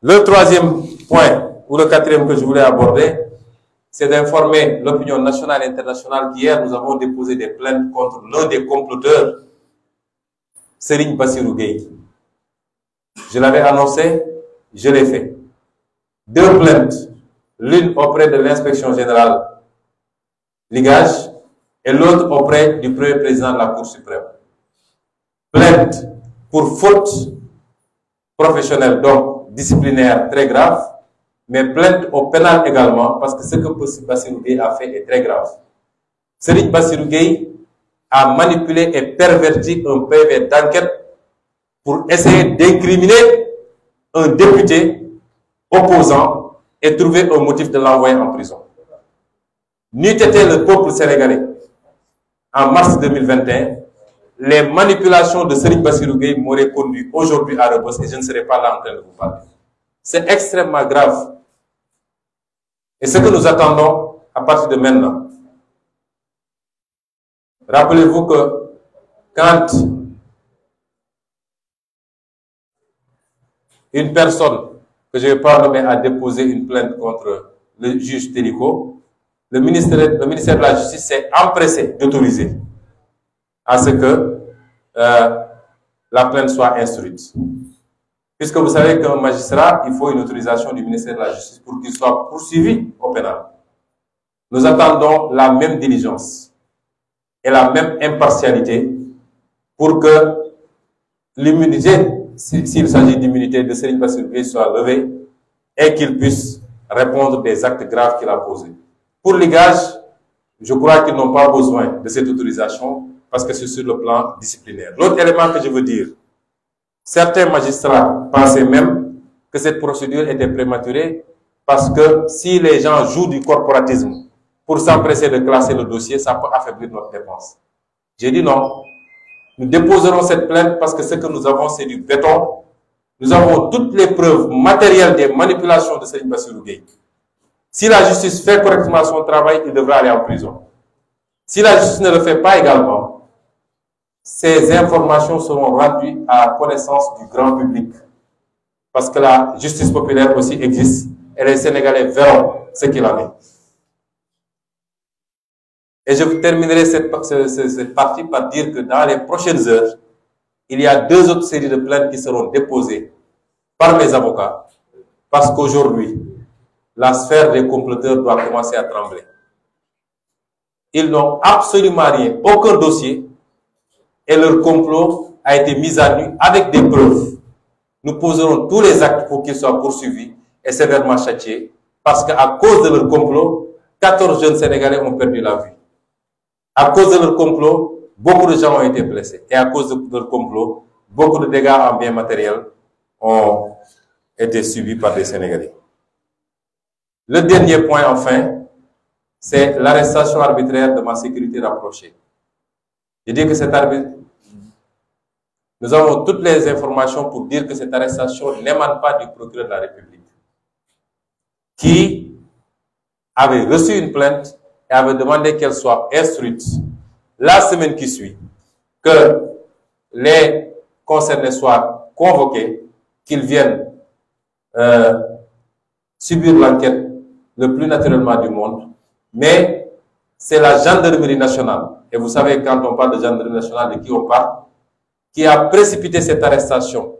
Le troisième point, ou le quatrième que je voulais aborder, c'est d'informer l'opinion nationale et internationale qu'hier, nous avons déposé des plaintes contre l'un des comploteurs, Serigne Bassirou Gueye. Je l'avais annoncé, je l'ai fait. deux plaintes, l'une auprès de l'inspection générale Ligage et l'autre auprès du premier président de la Cour suprême. Plainte pour faute professionnelle, donc disciplinaire très grave, mais plainte au pénal également parce que ce que Bassirou Gueye a fait est très grave. Serigne Bassirou a manipulé et perverti un PV d'enquête pour essayer d'incriminer un député opposant et trouver un motif de l'envoyer en prison. N'eût été le peuple sénégalais en mars les manipulations de Serigne Bassirou Gueye m'auraient conduit aujourd'hui à Rebeuss et je ne serais pas là en de vous parler. C'est extrêmement grave. Et ce que nous attendons à partir de maintenant. Rappelez-vous que quand une personne que je vais pas à déposer une plainte contre le juge Télico, le ministère, le ministère de la Justice s'est empressé d'autoriser à ce que euh, la plainte soit instruite. Puisque vous savez qu'un magistrat, il faut une autorisation du ministère de la Justice pour qu'il soit poursuivi au pénal. Nous attendons la même diligence et la même impartialité pour que l'immunité s'il s'agit d'immunité de Serigne Bassirou Gueye soit levée et qu'il puisse répondre des actes graves qu'il a posés. Pour ligage je crois qu'ils n'ont pas besoin de cette autorisation parce que c'est sur le plan disciplinaire. L'autre élément que je veux dire, certains magistrats pensaient même que cette procédure était prématurée parce que si les gens jouent du corporatisme pour s'empresser de classer le dossier, ça peut affaiblir notre dépense. J'ai dit non. Nous déposerons cette plainte parce que ce que nous avons, c'est du béton. Nous avons toutes les preuves matérielles des manipulations de Serigne Bassirou Gueye. Si la justice fait correctement son travail, il devra aller en prison. Si la justice ne le fait pas également, ces informations seront rendues à la connaissance du grand public. Parce que la justice populaire aussi existe et les Sénégalais verront ce qu'il en est. Et je terminerai cette, cette, cette partie par dire que dans les prochaines heures, il y a deux autres séries de plaintes qui seront déposées par mes avocats, parce qu'aujourd'hui, la sphère des comploteurs doit commencer à trembler. Ils n'ont absolument rien, aucun dossier, et leur complot a été mis à nu avec des preuves. Nous poserons tous les actes pour qu'ils soient poursuivis et sévèrement châtiés, parce qu'à cause de leur complot, 14 jeunes Sénégalais ont perdu À cause de leur complot, beaucoup de gens ont été blessés. Et à cause de leur complot, beaucoup de dégâts en biens matériels ont été subis par des Sénégalais. Le dernier point, enfin, c'est l'arrestation arbitraire de ma sécurité rapprochée. Je dis que cet arbitre, nous avons toutes les informations pour dire que cette arrestation n'émane pas du procureur de la République, qui avait reçu une plainte et avait demandé qu'elle soit instruite la semaine qui suit, que les concernés soient convoqués, qu'ils viennent euh, subir l'enquête le plus naturellement du monde. Mais c'est la gendarmerie nationale, et vous savez quand on parle de gendarmerie nationale, de qui qui a précipité cette arrestation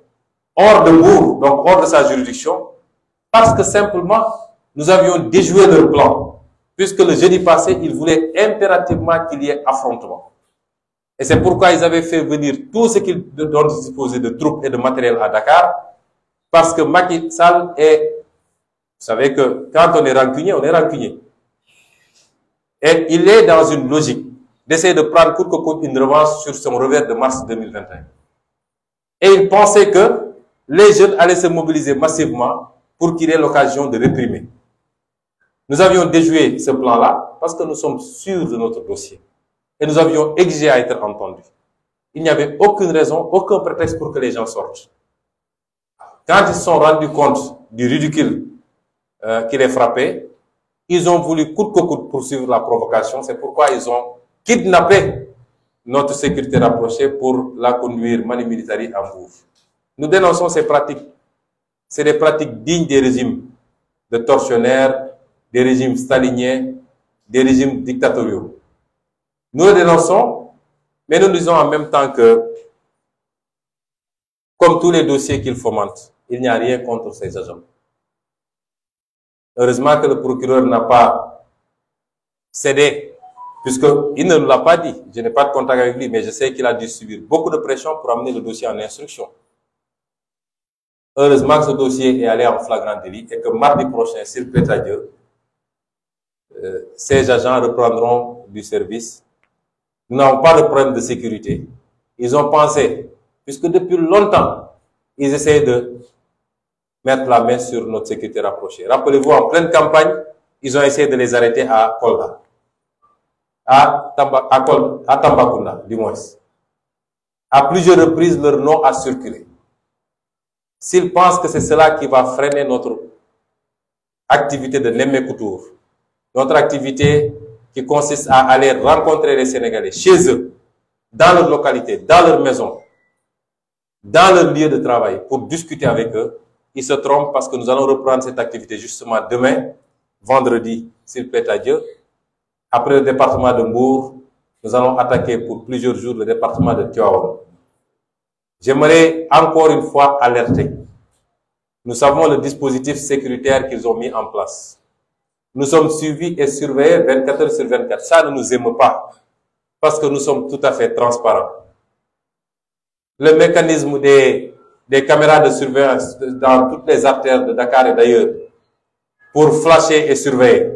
hors de Mour, donc hors de sa juridiction, parce que simplement, nous avions déjoué leur plan. puisque le jeudi passé, ils voulaient impérativement qu'il y ait affrontement. Et c'est pourquoi ils avaient fait venir tout ce qu'ils dont ils disposaient de troupes et de matériel à Dakar, parce que Macky Sall est... Vous savez que quand on est rancunier, on est rancunier. Et il est dans une logique d'essayer de prendre coûte que coûte une revanche sur son revers de mars 2021. Et il pensait que les jeunes allaient se mobiliser massivement pour qu'il ait l'occasion de réprimer. Nous avions déjoué ce plan-là parce que nous sommes sûrs de notre dossier. Et nous avions exigé à être entendus. Il n'y avait aucune raison, aucun prétexte pour que les gens sortent. Quand ils sont rendus compte du ridicule euh, qui les ils ont voulu coûte que coûte poursuivre la provocation. C'est pourquoi ils ont kidnappé notre sécurité rapprochée pour la conduire Mani Militari en bouffe. Nous dénonçons ces pratiques. C'est des pratiques dignes des régimes staliniens, des régimes dictatoriaux. Nous le dénonçons, mais nous disons en même temps que, comme tous les dossiers qu'il fomente, il n'y a rien contre ces agents. Heureusement que le procureur n'a pas cédé, puisqu'il ne l'a pas dit. Je n'ai pas de contact avec lui, mais je sais qu'il a dû subir beaucoup de pression pour amener le dossier en instruction. Heureusement que ce dossier est allé en flagrant délit et que mardi prochain, s'il plaît à Dieu, Euh, ces agents reprendront du service. Nous n'avons pas de problème de sécurité. Ils ont pensé, puisque depuis longtemps, ils essaient de mettre la main sur notre sécurité rapprochée. Rappelez-vous, en pleine campagne, ils ont essayé de les arrêter à Kolda, à, Tamba, à, Kolda, à Tambacounda, du moins. À plusieurs reprises, leur nom a circulé. S'ils pensent que c'est cela qui va freiner notre activité de Némé notre activité qui consiste à aller rencontrer les Sénégalais chez eux, dans leur localité, dans leur maison, dans leur lieu de travail, pour discuter avec eux. Ils se trompent parce que nous allons reprendre cette activité justement demain, vendredi, s'il plaît à Dieu. Après le département de Mbourg, nous allons attaquer pour plusieurs jours le département de Thiaouane. J'aimerais encore une fois alerter. Nous savons le dispositif sécuritaire qu'ils ont en place. Nous sommes suivis et surveillés 24 heures sur 24. Ça ne nous émeut pas parce que nous sommes tout à fait transparents. Le mécanisme des, des caméras de surveillance dans toutes les artères de Dakar et d'ailleurs pour flasher et surveiller.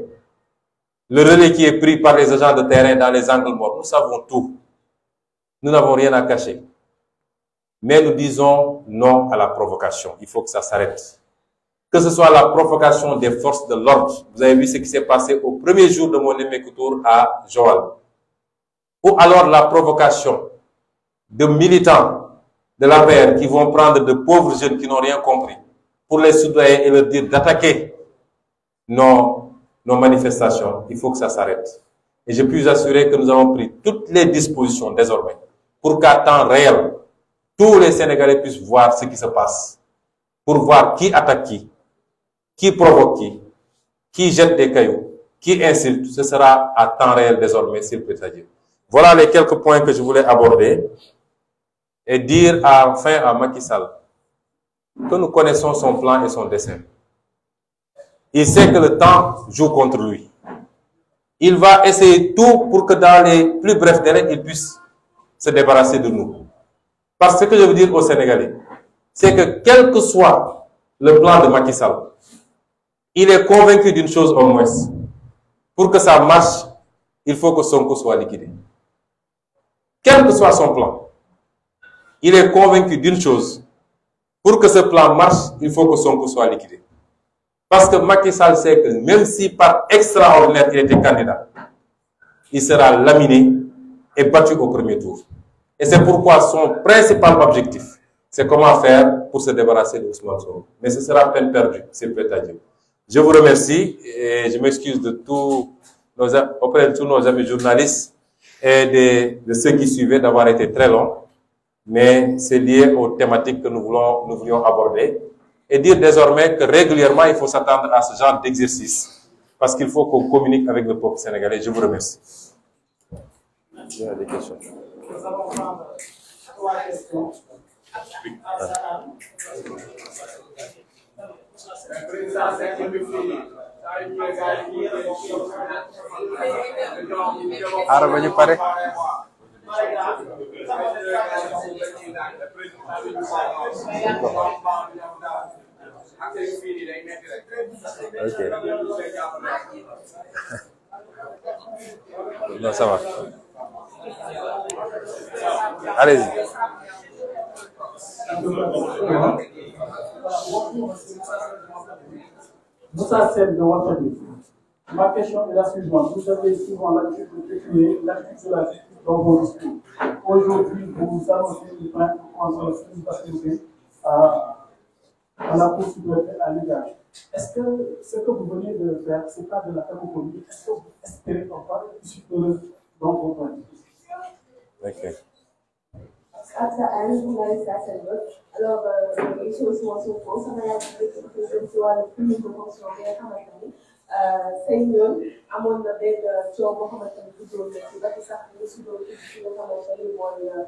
Le relais qui est pris par les agents de terrain dans les angles morts, nous savons tout. Nous n'avons rien à cacher. Mais nous disons non à la provocation. Il faut que ça s'arrête. que ce soit la provocation des forces de l'ordre. Vous avez vu ce qui s'est passé au premier jour de mon tour à Joal. Ou alors la provocation de militants de la paix qui vont prendre de pauvres jeunes qui n'ont rien compris pour les soudoyer et leur dire d'attaquer nos, nos manifestations. Il faut que ça s'arrête. Et je puis vous assurer que nous avons pris toutes les dispositions désormais pour qu'à temps réel, tous les Sénégalais puissent voir ce pour voir qui attaque qui, qui provoque qui, qui jette des cailloux, qui insulte, ce sera à temps réel désormais, s'il peut dire. Voilà les quelques points que je voulais aborder et dire à, enfin à Macky Sall que nous connaissons son plan et son dessein. Il sait que le temps joue contre lui. Il va essayer tout pour que dans les plus brefs délais, il puisse se débarrasser de nous. Parce que je veux dire aux Sénégalais, c'est que quel que soit le plan de Macky Sall, il est convaincu d'une chose au moins pour que ça marche il faut que Sonko soit liquidé quel que soit son plan il est convaincu d'une chose pour que ce plan marche il faut que Sonko soit liquidé parce que Macky Sall sait que même si par extraordinaire il était candidat il sera laminé et battu au premier tour et c'est pourquoi son principal objectif c'est comment faire pour se débarrasser de Ousmane Sonko mais ce sera peine perdue s'il Je vous remercie et je m'excuse de tous nos, auprès de tous nos amis journalistes et de, de ceux qui suivaient d'avoir été très long, mais c'est lié aux thématiques que nous voulons, nous voulions aborder. Et dire désormais que régulièrement, il faut s'attendre à ce genre d'exercice, parce qu'il faut qu'on communique avec le peuple sénégalais. Je vous remercie. Merci. Il y a des questions. Nous allons prendre trois questions. Oui. président Seck bi ñu pare ok non ça va Moussa Sène de Watani. Ma question est la suivante. Vous avez souvent l'habitude de décrire l'attitude de la justice dans vos discours. Aujourd'hui, vous annoncez une plainte contre le crime d'activité à, à la Cour Est-ce que vous venez de faire, ce pas de la cacophonie Est-ce que vous espérez qu'on parle de dans vos plans after I realized that I wrote a lot of uh, issues was so close and I had to take it to a clinical hospital here xamante ni seen yoon amoon na benn coow boo xamante ni guddoon na ci ba ci sax ñu si doon ci nga xamante ni mooy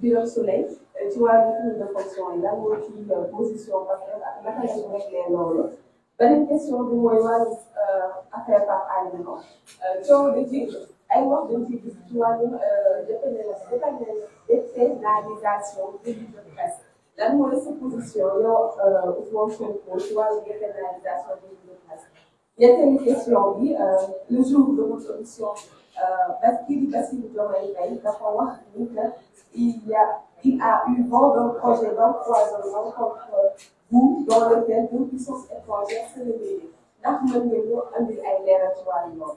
Birame Souleye ci wàllu crime de fonction yi lan moo ci position parce que ak naka la ñu réglé loolu beneen question bi mooy wàllu affaire Pape Alé Niang coow da ci ay wax dañ ciy gis ci wàllu dépendance dépendance décentralisation revue de presse lan mooy sa position yow euh, Ousmane Sonko ci wàllu décentralisation revue de presse ñetteelu question bi euh, le jour de votre audition parce euh, que Bassirou Diomaye Faye dafa wax ni que il y a a eu vent d'un projet d'empoisonnement contre vous dans lequel se réveillent ndax mën ngeen ñoo andil ay leeral ci wàllu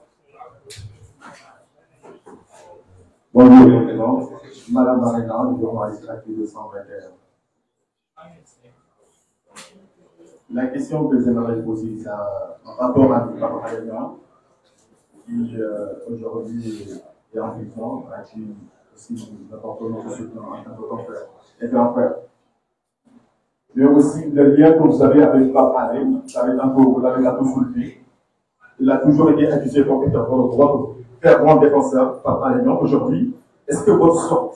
Madame Marie-Laure du magistrat 221. La question que j'aimerais poser, c'est en rapport avec Marie-Laure, qui euh, aujourd'hui est en prison, aussi nous apportons notre soutien en tant que frère et grand Mais aussi le lien que vous avez avec Papa Alain, vous l'avez tantôt soulevé. Il a toujours été accusé comme étant le droit de faire grand défenseur, Papa Alain, aujourd'hui. Est-ce que votre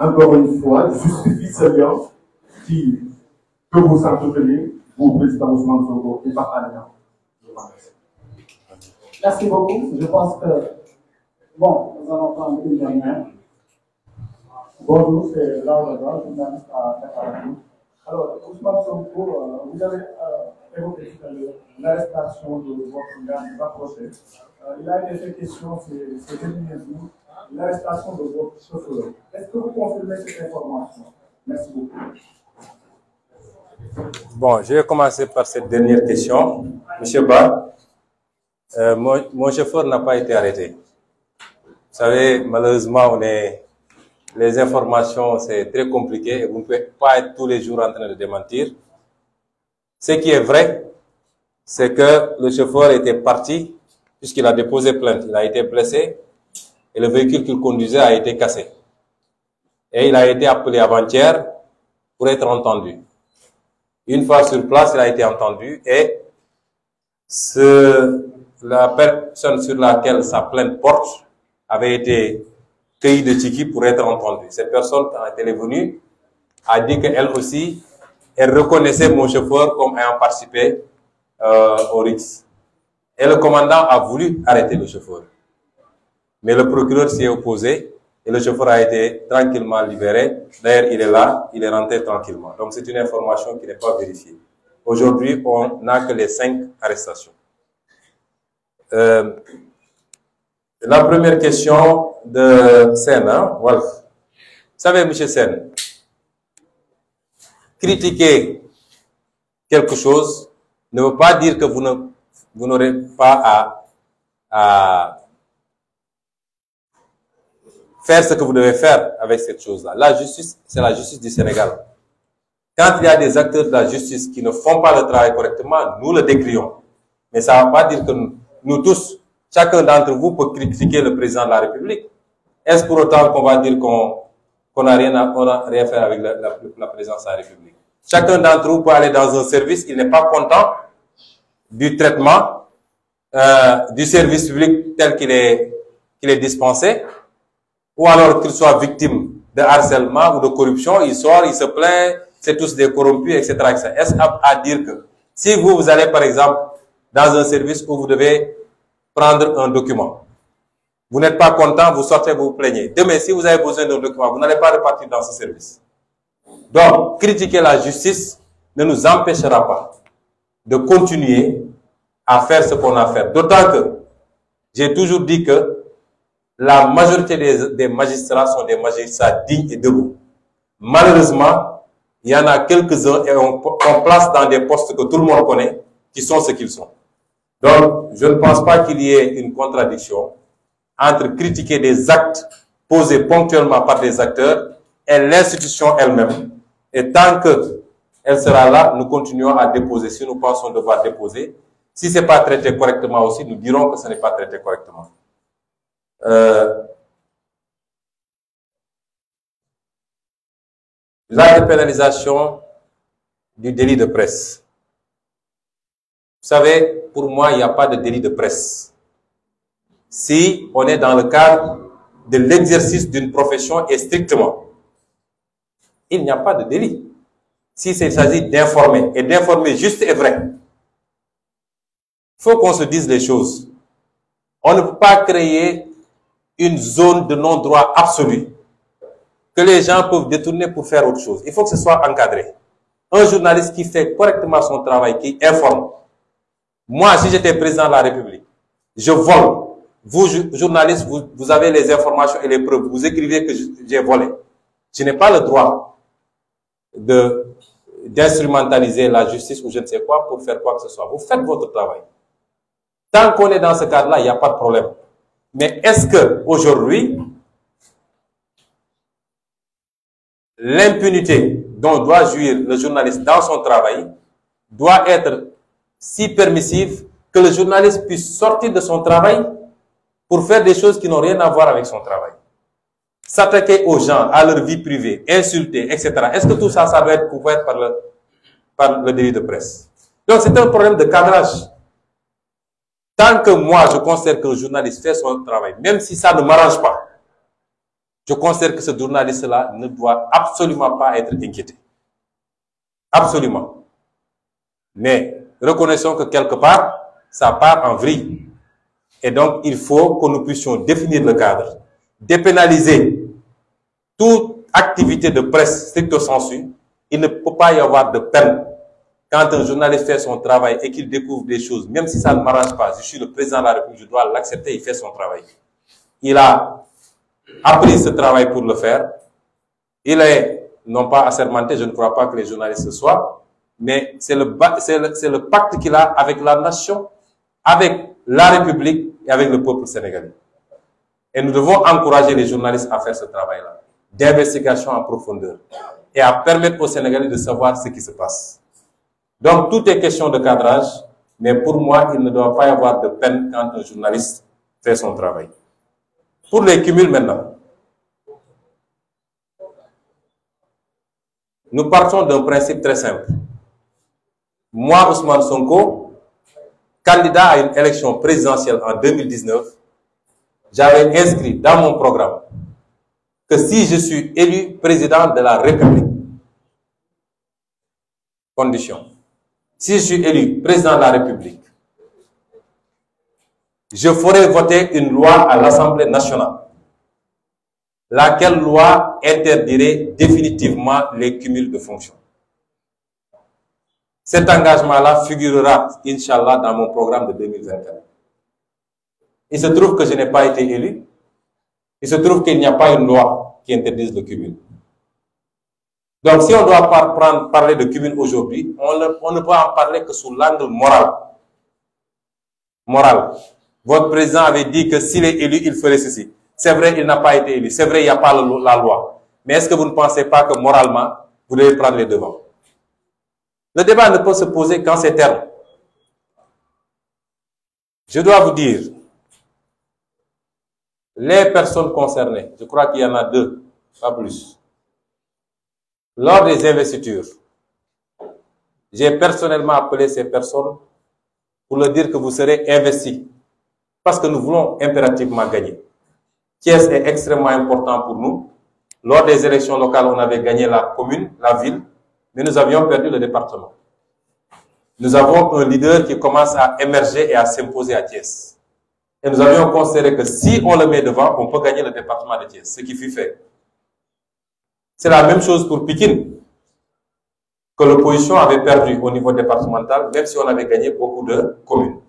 encore une fois justifie seen ci këru sant président Ousmane Sonko et Pape Alé Niang. Merci je pense que bon nous allons prendre une dernière. Bonjour c'est Laura Ba journaliste à Dakar. Alors Ousmane Sonko euh, vous avez euh, évoqué tout à l'heure de votre garde rapproché. Euh, il a été fait question ces ces derniers l'arrestation Bon, je vais commencer par cette dernière question. Monsieur Ba, euh, mon, mon chauffeur n'a pas été arrêté. Vous savez, malheureusement, on est les informations, c'est très compliqué et vous ne pouvez pas être tous les jours en train de démentir. Ce qui est vrai, c'est que le chauffeur était parti puisqu'il a déposé plainte. Il a été blessé et le véhicule qu'il conduisait a été cassé. Et il a été appelé avant-hier pour être entendu. Une fois sur place, il a été entendu et ce, la personne sur laquelle sa plainte porte avait été cueillie de Tchiki pour être entendue. Cette personne, quand elle est venue, a dit qu'elle aussi, elle reconnaissait mon chauffeur comme ayant participé euh, au RIX. Et le commandant a voulu arrêter le chauffeur. Mais le procureur s'y est opposé et le chauffeur a été tranquillement libéré. D'ailleurs, il est là, il est rentré tranquillement. Donc c'est une information qui n'est pas vérifiée. Aujourd'hui, on n'a que les cinq arrestations. Euh, la première question de Sen, hein, Wolf. Vous savez, monsieur Sen, critiquer quelque chose ne veut pas dire que vous n'aurez pas à faire ce que vous devez faire avec cette chose-là. La justice, c'est la justice du Sénégal. Quand il y a des acteurs de la justice qui ne font pas le travail correctement, nous le décrions. Mais ça ne veut pas dire que nous, tous, chacun d'entre vous peut critiquer le président de la République. Est-ce pour autant qu'on va dire qu'on on a rien faire avec la, la, la République. Chacun d'entre vous peut aller dans un service, il n'est pas content du traitement euh, ou alors qu'il soit victime de harcèlement ou de corruption, il sort, il se plaint, c'est tous des corrompus, etc. etc. Est-ce apte à dire que si vous, vous allez par exemple dans un service où vous devez prendre un document, vous n'êtes pas content, vous sortez, vous vous plaignez. Demain, si vous avez besoin d'un document, vous n'allez pas repartir dans ce service. Donc, critiquer la justice ne nous empêchera pas de continuer à faire ce qu'on a à faire. D'autant toujours dit la majorité des, des magistrats sont des magistrats dignes et debout. Malheureusement, il y en a quelques-uns et on, place dans des postes que tout le monde connaît, qui sont ce qu'ils sont. Donc, je ne pense pas qu'il y ait une contradiction entre critiquer des actes posés ponctuellement par des acteurs et l'institution elle-même. Et tant que elle sera là, nous continuons à déposer si nous pensons devoir déposer. Si ce pas traité correctement aussi, nous Euh, la dépénalisation du délit de presse. Vous savez, pour moi, il n'y a pas de délit de presse. Si on est dans le cadre de l'exercice d'une profession et strictement, il n'y a pas de délit. S'il s'agit d'informer, et d'informer juste et vrai, il faut qu'on se dise les choses. On ne peut pas créer une zone de non-droit absolu que les gens peuvent détourner pour faire autre chose. Il faut que ce soit encadré. Un journaliste qui fait correctement son travail, qui informe. si j'étais président de la République, je vole. Vous, journalistes, vous, avez les informations et les preuves. Vous écrivez que j'ai volé. Je n'ai pas le droit d'instrumentaliser la justice ou je ne sais quoi pour faire quoi que ce soit. Vous faites votre travail. Tant qu'on est dans ce Mais est-ce que aujourd'hui, l'impunité dont doit jouir le journaliste dans son travail doit être si permissive que le journaliste puisse sortir de son travail pour faire des choses qui n'ont rien à voir avec son travail. S'attaquer aux gens, à leur vie privée, insulter, etc. Est-ce que tout ça, ça doit être couvert par le, par de presse? Donc c'est un problème de cadrage. Tant que moi, je considère qu'un journaliste fait son travail, même si ça ne m'arrange pas, je considère que ce journaliste-là ne doit absolument pas être inquiété. Absolument. Mais reconnaissons que quelque part, ça part en vrille. Et donc, il faut que nous puissions définir le cadre, dépénaliser toute activité de presse stricto sensu. Il ne peut pas y avoir de peine Quand un journaliste fait son travail et qu'il découvre des choses, même si ça ne m'arrange pas, je le président de la République, je dois l'accepter, il fait son travail. Il a appris ce travail pour le faire. Il est, non pas assermenté, je ne crois pas que les journalistes soient, mais c'est le, le, le pacte qu'il a avec la nation, avec la République et avec le peuple sénégalais. Et nous devons encourager les journalistes à faire ce travail-là, d'investigation Donc tout est question de cadrage, mais pour moi, il ne doit pas y avoir de son travail. Pour les cumuls maintenant, nous partons d'un principe très simple. Moi, Ousmane Sonko, candidat à une élection présidentielle en 2019, j'avais inscrit dans programme que si je suis élu de la République, si je suis élu président de la République, je ferai voter une loi à l'Assemblée nationale, laquelle loi interdirait définitivement les cumuls de fonctions. Cet engagement-là figurera, Inch'Allah, dans mon programme de Il se trouve que je n'ai pas été élu. Il se trouve qu'il n'y a pas une loi qui le cumul. Donc, si on doit parler de Kivin aujourd'hui, on, ne peut en parler que sous l'angle moral. Votre président avait dit que s'il est élu, il ferait ceci. C'est vrai, il n'a pas été élu. C'est vrai, il n'y a pas la loi. Mais est-ce que vous ne pensez pas que moralement, vous devez prendre les devants Le débat ne peut se poser qu'en ces termes. Je dois vous dire, les personnes concernées, je crois qu'il y en a deux, pas plus Lors des investitures, j'ai personnellement appelé ces personnes pour leur dire que vous serez investis parce que nous voulons impérativement gagner. Thiès est extrêmement important pour nous. Lors des élections locales, on avait gagné la commune, la ville, mais nous avions perdu le département. Nous avons un leader qui commence à émerger et à s'imposer à Thiès. Et nous avions considéré que si on le met devant, on peut gagner le département de Thiès, ce C'est la même chose pour Pékin, que l'opposition avait perdu au niveau départemental, même si on avait gagné beaucoup de communes.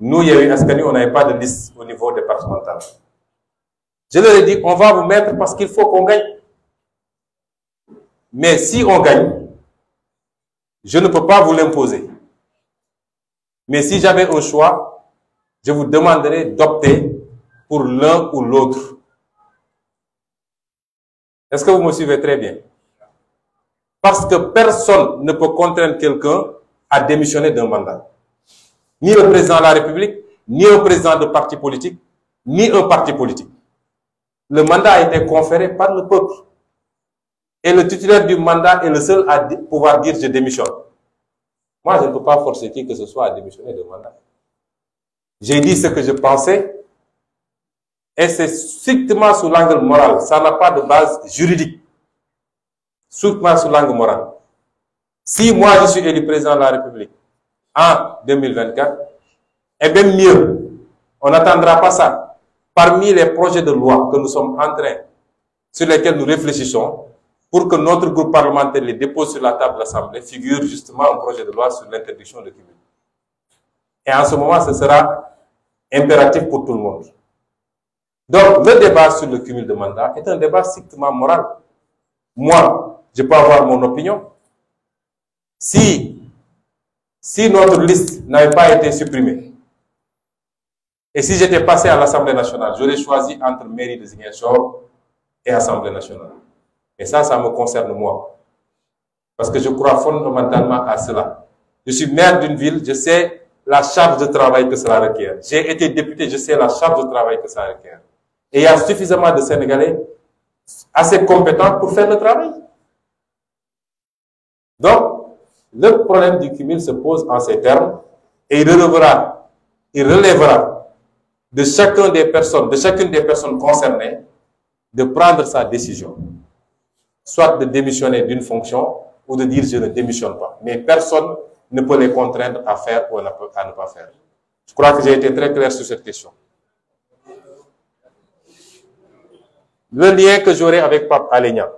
Nous, y a eu Ascani, on n'avait pas de liste au niveau départemental. Je leur ai dit, on va vous mettre parce qu'il faut qu'on gagne. Mais si on gagne, je ne peux pas vous l'imposer. Mais si j'avais un choix, je vous demanderais d'opter pour l'un ou l'autre. Est-ce que vous me suivez très bien Parce que personne ne peut contraindre quelqu'un à démissionner d'un mandat. Ni le président de la République, ni un président de parti politique, ni un parti politique. Le mandat a été conféré par le peuple. Et le titulaire du mandat est le seul à pouvoir dire je démissionne. Moi, je ne peux pas forcer qui que ce soit à démissionner d'un mandat. J'ai dit ce que je pensais, et c'est strictement sous l'angle moral ça n'a pas de base juridique strictement l'angle moral si moi je suis élu président de la République en 2024 et même mieux on n'attendra pas ça parmi les projets de loi que nous sommes en train sur lesquels nous réfléchissons pour que notre groupe parlementaire les dépose sur la table de l'Assemblée figure justement un projet de loi sur l'interdiction de cumul et en ce moment ce sera impératif pour tout le monde Donc, le débat sur le cumul de mandats est un débat strictement moral. Moi, je peux avoir mon opinion. Si, si notre liste n'avait pas été supprimée, et si j'étais passé à l'Assemblée nationale, j'aurais choisi entre mairie de Ziguinchor et Assemblée nationale. Et ça, ça me concerne moi. Parce que je crois fondamentalement à cela. Je suis maire d'une ville, je sais la charge de travail que cela requiert. J'ai été député, je sais la charge de travail que cela requiert. Et il y a suffisamment de Sénégalais assez compétents pour faire le travail. Donc, le problème du cumul se pose en ces termes et il relèvera, il relèvera de chacune des personnes, de chacune des personnes concernées de prendre sa décision. Soit de démissionner d'une fonction ou de dire je ne démissionne pas. Mais personne ne peut les contraindre à faire ou à ne pas faire. Je crois que j'ai été très clair sur cette question. le lien que j'aurai avec Pape Alenia.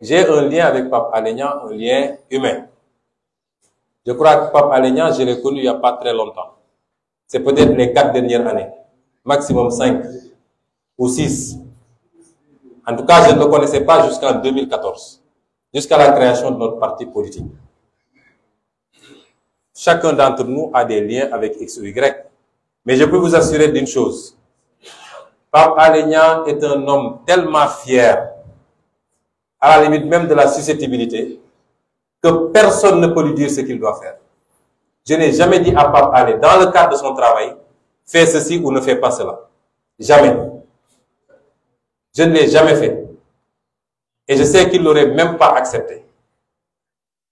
J'ai un lien avec Pape Alenia, un lien humain. Je crois que Pape Alenia, je l'ai connu il n'y a pas très longtemps. C'est peut-être les quatre dernières années, maximum cinq ou six. En tout cas, je ne le connaissais pas jusqu'en 2014, jusqu'à la création de notre parti politique. Chacun d'entre nous a des liens avec X ou Mais je peux vous assurer d'une chose, Pape Alé Niang est un homme tellement fier, à la limite même de la susceptibilité, que personne ne peut lui dire ce qu'il doit faire. Je n'ai jamais dit à Pape Alé, dans le cadre de son travail, fais ceci ou ne fais pas cela. Jamais. Je ne l'ai jamais fait. Et je sais qu'il n'aurait même pas accepté.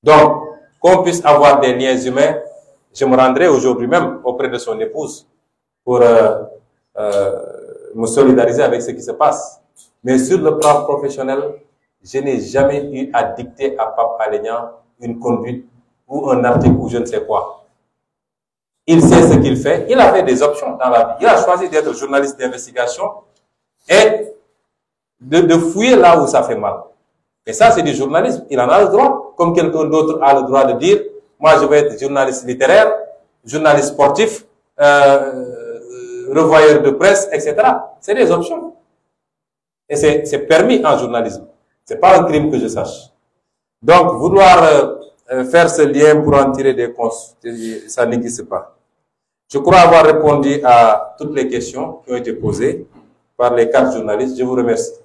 Donc, qu'on puisse avoir des liens humains, je me rendrai aujourd'hui même auprès de son épouse pour euh, euh, me solidariser avec ce qui se passe. Mais sur le plan professionnel, je n'ai jamais eu à dicter à Pape Alignan une conduite ou un article ou je ne sais quoi. Il sait ce qu'il fait. Il avait des options dans la vie. Il a choisi d'être journaliste d'investigation et de, de fouiller là où ça fait mal. Et ça, c'est du journalisme. Il en a le droit, comme quelqu'un d'autre a le droit de dire, je vais être journaliste littéraire, journaliste sportif, euh, revoyeur de presse, etc. C'est des options. Et c'est permis en journalisme. C'est pas un crime que je sache. Donc, vouloir euh, euh, faire ce lien pour en tirer des cons, ça n'existe pas. Je crois avoir répondu à toutes les questions qui ont été posées par les quatre journalistes. Je vous remercie.